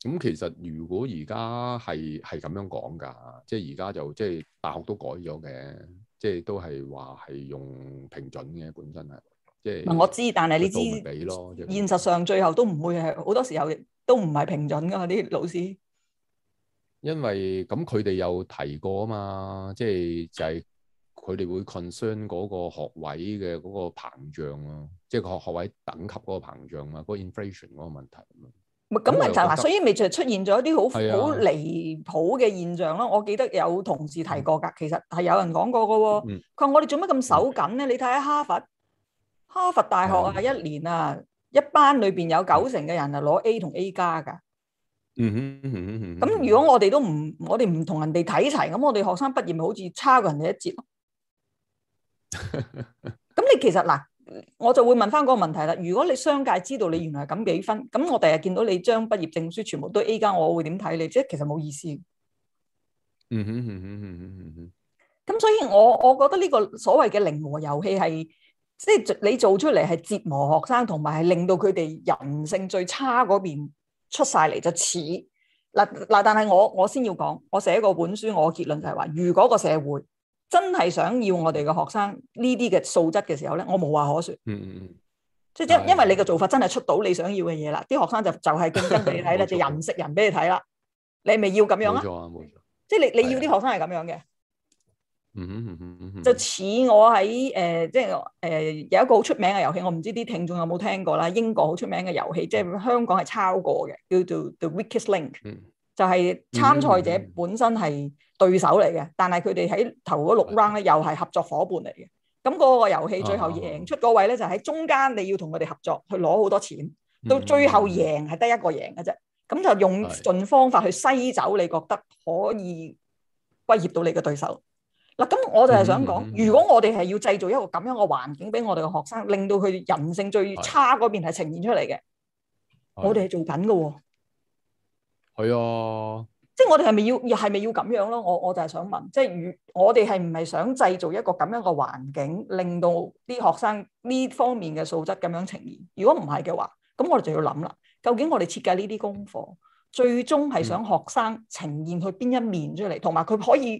咁、嗯、其實如果而家係係咁樣講噶，即係而家就即係大學都改咗嘅。即係都係話係用評準嘅本身係，即係、嗯。我知，但係你知，現實上最後都唔會係好多時候都唔係評準㗎啲老師。因為咁佢哋有提過啊嘛，即係就係佢哋會 concern 嗰個學位嘅嗰個膨脹咯，即係學學位等級嗰個膨脹嘛，嗰、嗰個、inflation 嗰個問題啊嘛。唔咁咪就嗱，所以咪就出現咗一啲好好離譜嘅現象咯。我記得有同事提過噶，其實係有人講過噶。佢話我哋做乜咁手緊咧？你睇下哈佛，哈佛大學啊，一年啊，一班裏邊有九成嘅人啊攞 A 同 A 加噶。嗯哼，咁如果我哋都唔，我哋唔同人哋睇齊，咁我哋學生畢業咪好似差過人哋一截咯。咁你其實嗱。我就會問翻嗰個問題啦。如果你商界知道你原來係咁幾分，咁我第日見到你將畢業證書全部都 A 加，我會點睇你？即係其實冇意思。嗯哼，咁所以我我覺得呢個所謂嘅零和遊戲係，即係你做出嚟係折磨學生，同埋係令到佢哋人性最差嗰邊出晒嚟就似嗱嗱。但係我我先要講，我寫個本書，我嘅結論就係話，如果個社會。真係想要我哋嘅學生呢啲嘅素質嘅時候咧，我冇話可説。嗯嗯嗯，即係因因為你嘅做法真係出到你想要嘅嘢啦，啲、嗯、學生就、嗯、就係競爭俾你睇啦，呵呵就人食人俾你睇啦，呵呵你係咪要咁樣啊？冇錯，冇錯。即係你你要啲學生係咁樣嘅、嗯。嗯嗯嗯嗯。嗯嗯就似我喺誒、呃、即係誒、呃呃、有一個好出名嘅遊戲，我唔知啲聽眾有冇聽過啦。英國好出名嘅遊戲，即係香港係抄過嘅，叫做 The Weakest Link、嗯。就係參賽者本身係對手嚟嘅，但係佢哋喺頭嗰六 round 咧又係合作伙伴嚟嘅。咁嗰個遊戲最後贏出嗰位咧就喺中間，你要同佢哋合作去攞好多錢，到最後贏係得一個贏嘅啫。咁就用盡方法去篩走，你覺得可以威脅到你嘅對手。嗱，咁我就係想講，如果我哋係要製造一個咁樣嘅環境俾我哋嘅學生，令到佢人性最差嗰邊係呈現出嚟嘅，的我哋係做緊嘅喎。係啊，即係我哋係咪要，係咪要咁樣咯？我我就係想問，即係如我哋係唔係想製造一個咁樣嘅環境，令到啲學生呢方面嘅素質咁樣呈現？如果唔係嘅話，咁我哋就要諗啦。究竟我哋設計呢啲功課，最終係想學生呈現佢邊一面出嚟，同埋佢可以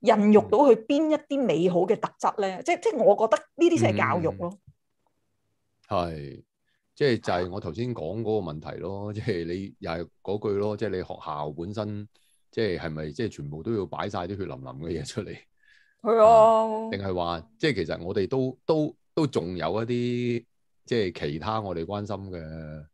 孕育到佢邊一啲美好嘅特質咧？即即係我覺得呢啲先係教育咯。係、嗯。即係就係我頭先講嗰個問題咯，即係你又係嗰句咯，即係你學校本身，即係係咪即係全部都要擺晒啲血淋淋嘅嘢出嚟？係啊，定係話即係其實我哋都都都仲有一啲即係其他我哋關心嘅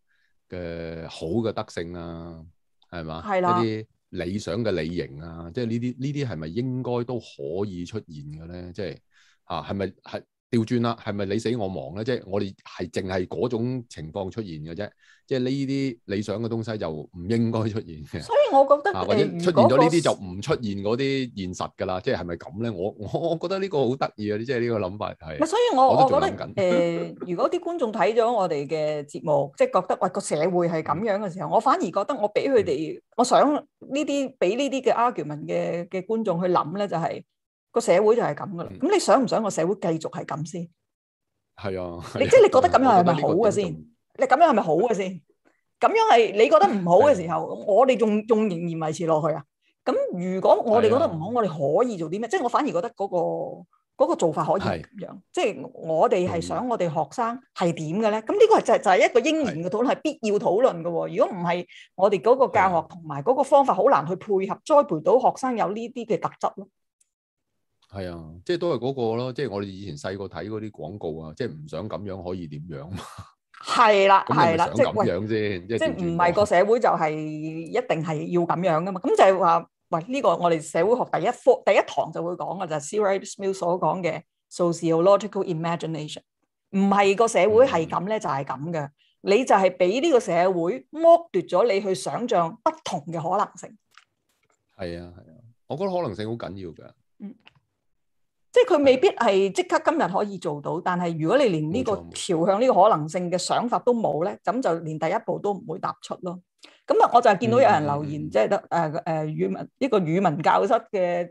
嘅好嘅德性啊，係嘛？係啦，一啲理想嘅理型啊，即係呢啲呢啲係咪應該都可以出現嘅咧？即係啊，係咪係？調轉啦，係咪你死我亡咧？即係我哋係淨係嗰種情況出現嘅啫，即係呢啲理想嘅東西就唔應該出現嘅。所以我覺得或者出現咗呢啲就唔出現嗰啲現實㗎啦，即係係咪咁咧？我我我覺得呢個好得意啊！即係呢個諗法係。唔係，所以我我覺得誒，如果啲觀眾睇咗我哋嘅節目，即係覺得喂個社會係咁樣嘅時候，我反而覺得我俾佢哋，我想呢啲俾呢啲嘅 argument 嘅嘅觀眾去諗咧，就係。個社會就係咁噶啦，咁你想唔想個社會繼續係咁先？係啊，你即係你覺得咁樣係咪好嘅先？你咁樣係咪好嘅先？咁樣係你覺得唔好嘅時候，我哋仲仲仍然維持落去啊？咁如果我哋覺得唔好，我哋可以做啲咩？即係我反而覺得嗰個嗰個做法可以係咁樣。即係我哋係想我哋學生係點嘅咧？咁呢個就就係一個應然嘅討論，係必要討論嘅。如果唔係，我哋嗰個教學同埋嗰個方法好難去配合栽培到學生有呢啲嘅特質咯。係啊，即係都係嗰個咯，即係我哋以前細個睇嗰啲廣告啊，即係唔想咁樣可以點樣嘛？係啦，係啦，即係唔想咁樣先，即係唔係個社會就係一定係要咁樣噶嘛？咁就係話，喂，呢個我哋社會學第一科第一堂就會講嘅就係 C. Wright Mills 所講嘅 sociological imagination，唔係個社會係咁咧就係咁嘅，你就係俾呢個社會剝奪咗你去想象不同嘅可能性。係啊係啊，我覺得可能性好緊要噶嗯。即係佢未必係即刻今日可以做到，但係如果你連呢個朝向呢個可能性嘅想法都冇咧，咁冇錯，就連第一步都唔會踏出咯。咁啊，我就係見到有人留言，嗯、即係得誒誒語文一個語文教室嘅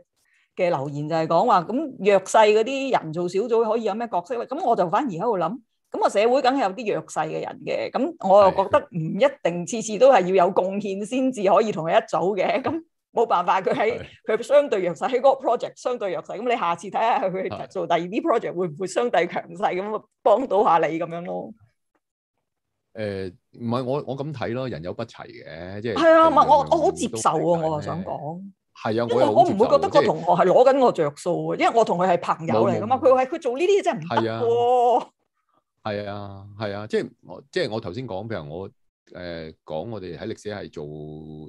嘅留言就係講話，咁弱勢嗰啲人做小組可以有咩角色咧？咁我就反而喺度諗，咁啊社會梗係有啲弱勢嘅人嘅，咁我又覺得唔一定次次都係要有貢獻先至可以同佢一組嘅，咁。冇辦法，佢喺佢相對弱勢，喺嗰個 project 相對弱勢。咁你下次睇下佢做第二啲 project 會唔會相對強勢咁，幫到下你咁樣咯。誒，唔係我我咁睇咯，人有不齊嘅，即係係啊，唔係我我好接受啊，我話想講係啊，因為我我唔會覺得個同學係攞緊我着數嘅，因為我同佢係朋友嚟噶嘛，佢係佢做呢啲嘢真係唔得喎。係啊係啊，即係我即係我頭先講，譬如我。誒，講、呃、我哋喺歷史系做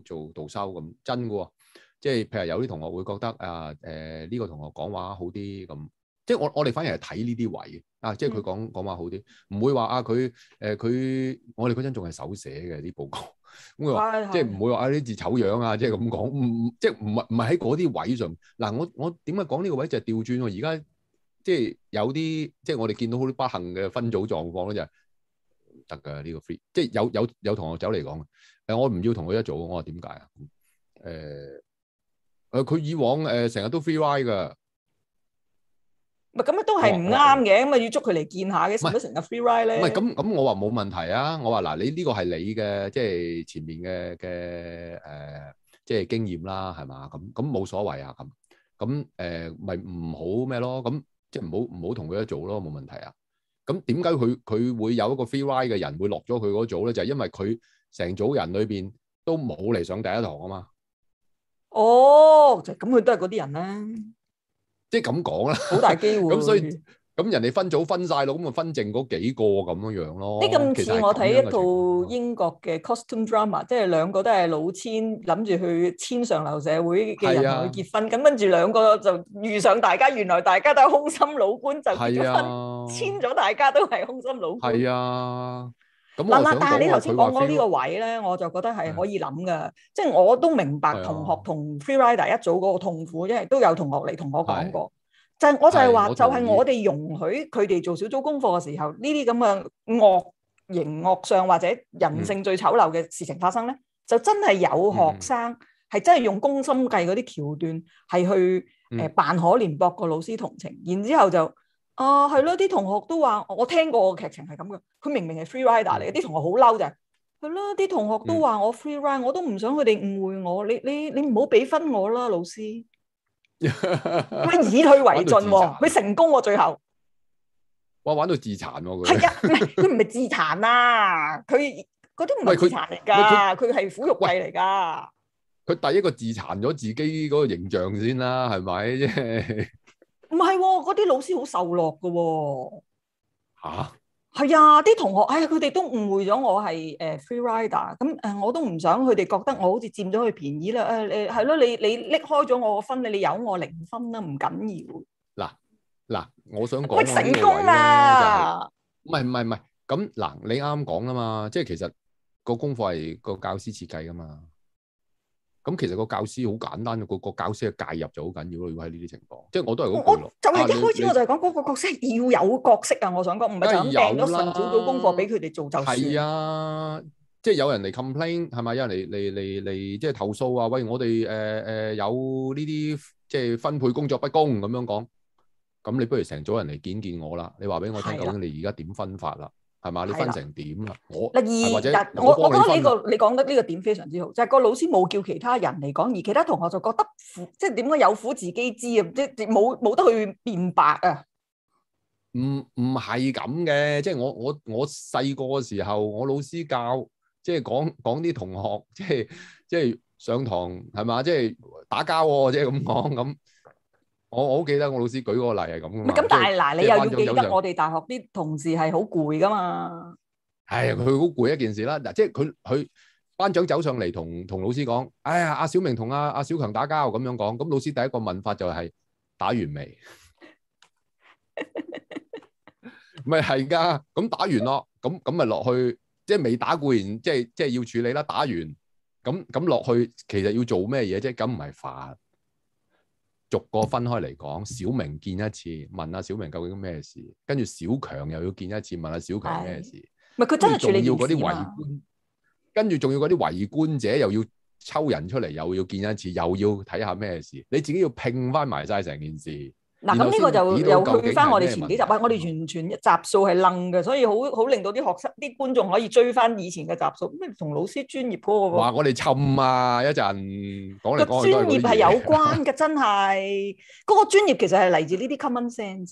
做導修咁真嘅、哦，即係譬如有啲同學會覺得啊，誒、呃、呢、呃這個同學講話好啲咁，即係我我哋反而係睇呢啲位啊，即係佢講講話好啲，唔會話啊佢誒佢我哋嗰陣仲係手寫嘅啲報告，咁 (laughs) 我說的即係唔會話啊呢字醜樣啊，即係咁講，即係唔係唔係喺嗰啲位上嗱、啊，我我點解講呢個位就係調轉？而家即係有啲即係我哋見到好多不幸嘅分組狀況咧就係。得噶呢個 free，即係有有有同學走嚟講，誒我唔要同佢一組，我話點解啊？誒誒，佢以往誒成日都 free ride 噶，咪咁啊都係唔啱嘅，咁啊要捉佢嚟見下嘅，但成日都成日 free ride 咧？唔係咁咁，我話冇問題啊！我話嗱，你呢、這個係你嘅，即係前面嘅嘅誒，即係經驗啦，係嘛？咁咁冇所謂啊，咁咁誒，咪唔好咩咯？咁、呃、即係唔好唔好同佢一組咯，冇問題啊。咁點解佢佢會有一個 free ride 嘅人會落咗佢嗰組咧？就係因為佢成組人裏邊都冇嚟上第一堂啊嘛。哦，就咁佢都係嗰啲人啦，即係咁講啦，好大機會。咁所以。咁人哋分組分晒咯，咁咪分剩嗰幾個咁樣樣咯。呢咁似我睇一套英國嘅 costume drama，即係兩個都係老千，諗住去簽上流社會嘅人去結婚，咁跟住兩個就遇上大家，原來大家都係空心老官就結婚，啊、簽咗大家都係空心老官。係啊。咁嗱嗱，但係你頭先講嗰呢個位咧，我就覺得係可以諗噶，即係、啊、我都明白、啊、同學同 free rider 一組嗰個痛苦，因為都有同學嚟同我講過。就係我就係話，就係我哋容許佢哋做小組功課嘅時候，呢啲咁嘅惡形惡相或者人性最醜陋嘅事情發生咧，嗯、就真係有學生係真係用攻心計嗰啲橋段係去誒、嗯呃、扮可憐博個老師同情，然之後就啊係咯，啲同學都話我聽過個劇情係咁嘅，佢明明係 free、er、rider 嚟，啲同學好嬲啫，係咯，啲同學都話我 free、er、rider，我都唔想佢哋誤會我，你你你唔好俾分我啦，老師。佢 (laughs) 以退為進喎、啊，佢成功喎、啊、最後，哇玩到自殘喎佢，係呀，唔，係佢唔係自殘啊，佢嗰啲唔係自殘嚟噶，佢係 (laughs) 苦肉計嚟噶，佢第一個自殘咗自己嗰個形象先啦、啊，係咪啫？唔 (laughs) 係、啊，嗰啲老師好受落噶、啊，吓、啊。係啊，啲同學，哎佢哋都誤會咗我係誒、呃、free rider，咁、嗯、誒我都唔想佢哋覺得我好似佔咗佢便宜啦。誒、哎、誒，係咯、啊，你你拎開咗我個分，你你由我零分啦，唔緊要。嗱嗱，我想講、就是，成功啦！唔係唔係唔係，咁嗱，你啱講吖嘛，即係其實個功課係個教師設計噶嘛。咁其實個教師好簡單嘅，個、個教師嘅介入就好緊要咯。如果喺呢啲情況，即係我都係好攰咯。就係一開始我就講嗰個角色要有角色啊！你我想講，唔係就咁訂咗份早早功課俾佢哋做就係啊！即係有人嚟 complain 係咪？有人嚟嚟嚟嚟即係投訴啊？喂，我哋誒誒有呢啲即係分配工作不公咁樣講。咁你不如成組人嚟見見我啦。你話俾我聽，啊、究竟你而家點分法啦？係嘛？你分成點啦？我嗱，二我我覺得呢個你講得呢個點非常之好，就係、是、個老師冇叫其他人嚟講，而其他同學就覺得苦，即係點解有苦自己知啊？即係冇冇得去辯白啊？唔唔係咁嘅，即係我我我細個嘅時候，我老師教即係講講啲同學，即係即係上堂係嘛，即係打交、啊、即係咁講咁。我我好記得我老師舉嗰個例係咁嘅。唔係咁，但係嗱，你又要記得我哋大學啲同事係好攰㗎嘛？係啊，佢好攰一件事啦。嗱，即係佢佢班長走上嚟同同老師講，哎呀，阿小明同阿阿小強打交咁樣講。咁老師第一個問法就係打完未？唔係係㗎。咁打完咯，咁咁咪落去，即係未打固然，即係即係要處理啦。打完咁咁落去，其實要做咩嘢啫？咁唔係煩。逐個分開嚟講，小明見一次，問下小明究竟咩事，跟住小強又要見一次，問下小強咩事。唔，佢真係仲要嗰啲圍觀，跟住仲要嗰啲圍觀者又要抽人出嚟，又要見一次，又要睇下咩事。你自己要拼翻埋晒成件事。嗱，咁呢個就又去翻我哋前幾集，唔、哎、我哋完全集數係愣嘅，所以好好令到啲學生、啲觀眾可以追翻以前嘅集數。咁咪同老師專業嗰個，話我哋冚啊一陣講嚟講去都係呢啲。專業係有關嘅，真係嗰、嗰個專業其實係嚟自呢啲 common sense。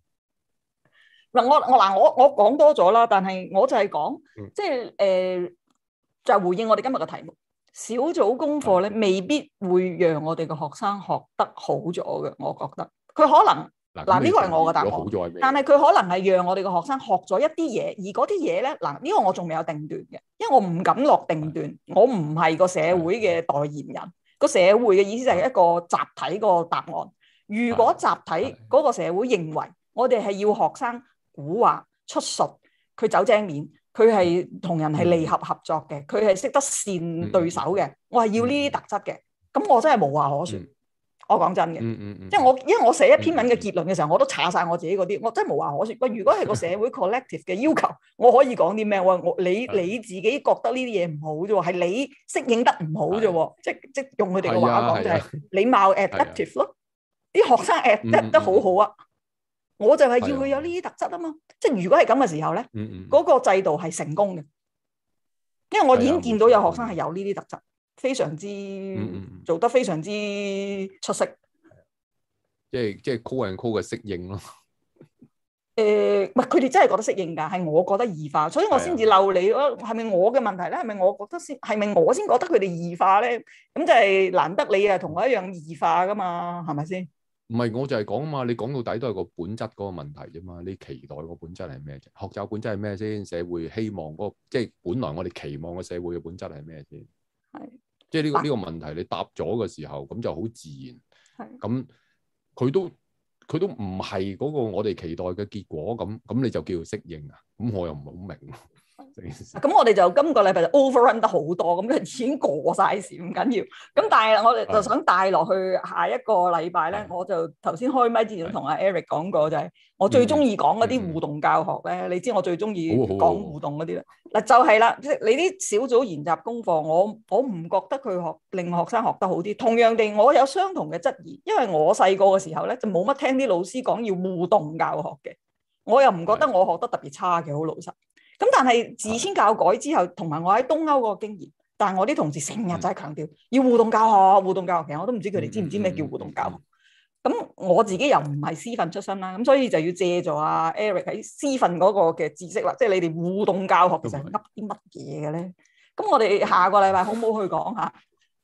嗱，我我嗱，我我講多咗啦，但係我就係講，即係誒，就係回應我哋今日嘅題目。小組功課咧，未必會讓我哋嘅學生學得好咗嘅，我覺得佢可能嗱，呢個係我嘅答案。但係佢可能係讓我哋嘅學生學咗一啲嘢，而嗰啲嘢咧，嗱呢個我仲未有定斷嘅，因為我唔敢落定斷，的我唔係個社會嘅代言人。個的社會嘅意思就係一個集體個答案。如果集體嗰個社會認為我哋係要學生。古話出術，佢走正面，佢係同人係利合合作嘅，佢係識得善對手嘅。我係要呢啲特質嘅，咁我真係無話可說。嗯、我講真嘅，即係我因為我寫一篇文嘅結論嘅時候，我都查晒我自己嗰啲，我真係無話可說。喂，如果係個社會 collective 嘅要求， (laughs) 我可以講啲咩？我你你自己覺得呢啲嘢唔好啫，係你適應得唔好啫的，即即用佢哋嘅話講就係、是、禮貌 adaptive 咯。啲學生 adaptive 得好好啊！的我就係要佢有呢啲特質啊嘛，的即係如果係咁嘅時候咧，嗰、嗯嗯、個制度係成功嘅，因為我已經見到有學生係有呢啲特質，非常之嗯嗯做得非常之出色。即係即係 call and call 嘅適應咯。誒、呃，唔係佢哋真係覺得適應㗎，係我覺得易化，所以我先至鬧你咯。係咪的我嘅問題咧？係咪我覺得先係咪我先覺得佢哋易化咧？咁就係難得你啊同我一樣易化㗎嘛，係咪先？唔係，我就係講啊嘛。你講到底都係個本質嗰個問題啫嘛。你期待個本質係咩啫？學習本質係咩先？社會希望嗰個，即係本來我哋期望嘅社會嘅本質係咩先？係是。即係呢、這個呢、啊、個問題，你答咗嘅時候，咁就好自然。係是。咁佢都佢都唔係嗰個我哋期待嘅結果，咁咁你就叫做適應啊？咁我又唔係好明。咁、 (laughs) 嗯、我哋就今個禮拜就 overrun 得好多，咁樣已經過晒時，唔緊要。咁但係我哋就想帶落去 (laughs) 下一個禮拜咧， (laughs) 我就頭先開麥之前同阿 Eric 講過就係，我最中意講嗰啲互動教學咧。你知我最中意講互動嗰啲咧，嗱、 (laughs) 啊啊、就係啦，即係你啲小組研習功課，我我唔覺得佢學令學生學得好啲。同樣地，我有相同嘅質疑，因為我細個嘅時候咧就冇乜聽啲老師講要互動教學嘅，我又唔覺得我學得特別差嘅，好老實。咁但係自先教改之後，同埋我喺東歐嗰個經驗，但係我啲同事成日就係強調要互動教學、嗯、互動教學。其實我都唔知佢哋知唔知咩叫互動教學。咁、嗯嗯、我自己又唔係師訓出身啦，咁所以就要借助阿 Eric 喺師訓嗰個嘅知識啦。即係你哋互動教學其實噏啲乜嘢嘅咧？咁、嗯嗯、我哋下個禮拜好唔好去講下、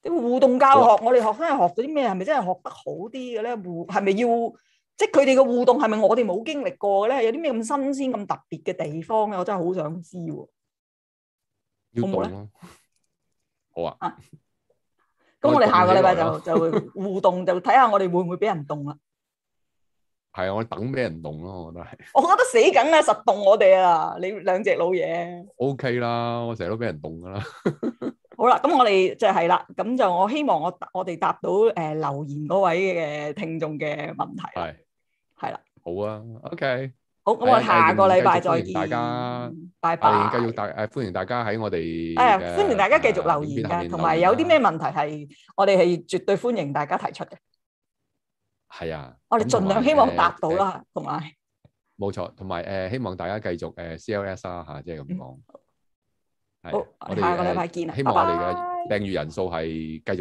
嗯嗯、互動教學，嗯、我哋學生係學咗啲咩？係咪真係學得好啲嘅咧？互係咪要？即係佢哋嘅互動係咪我哋冇經歷過嘅咧？有啲咩咁新鮮、咁特別嘅地方咧？我真係好想知。要講咯，好啊！咁我哋下個禮拜就就會互動，就睇下我哋會唔會俾人凍啦！係啊，我等俾人凍咯，我覺得係。我覺得死梗啊！實凍我哋啊！你兩隻老嘢。O K 啦，我成日都俾人凍噶啦。好啦，咁我哋就係啦，咁就我希望我我哋答到誒留言嗰位嘅聽眾嘅問題。係。係啦，好啊，OK，好，我哋下個禮拜再見，大家拜拜，繼續大誒，歡迎大家喺我哋誒，歡迎大家繼續留言嘅，同埋有啲咩問題係我哋係絕對歡迎大家提出嘅，係啊，我哋盡量希望答到啦，同埋冇錯，同埋誒希望大家繼續誒 CLS 啊吓，即係咁講，係我哋下個禮拜見，希望我哋嘅訂閱人數係繼續。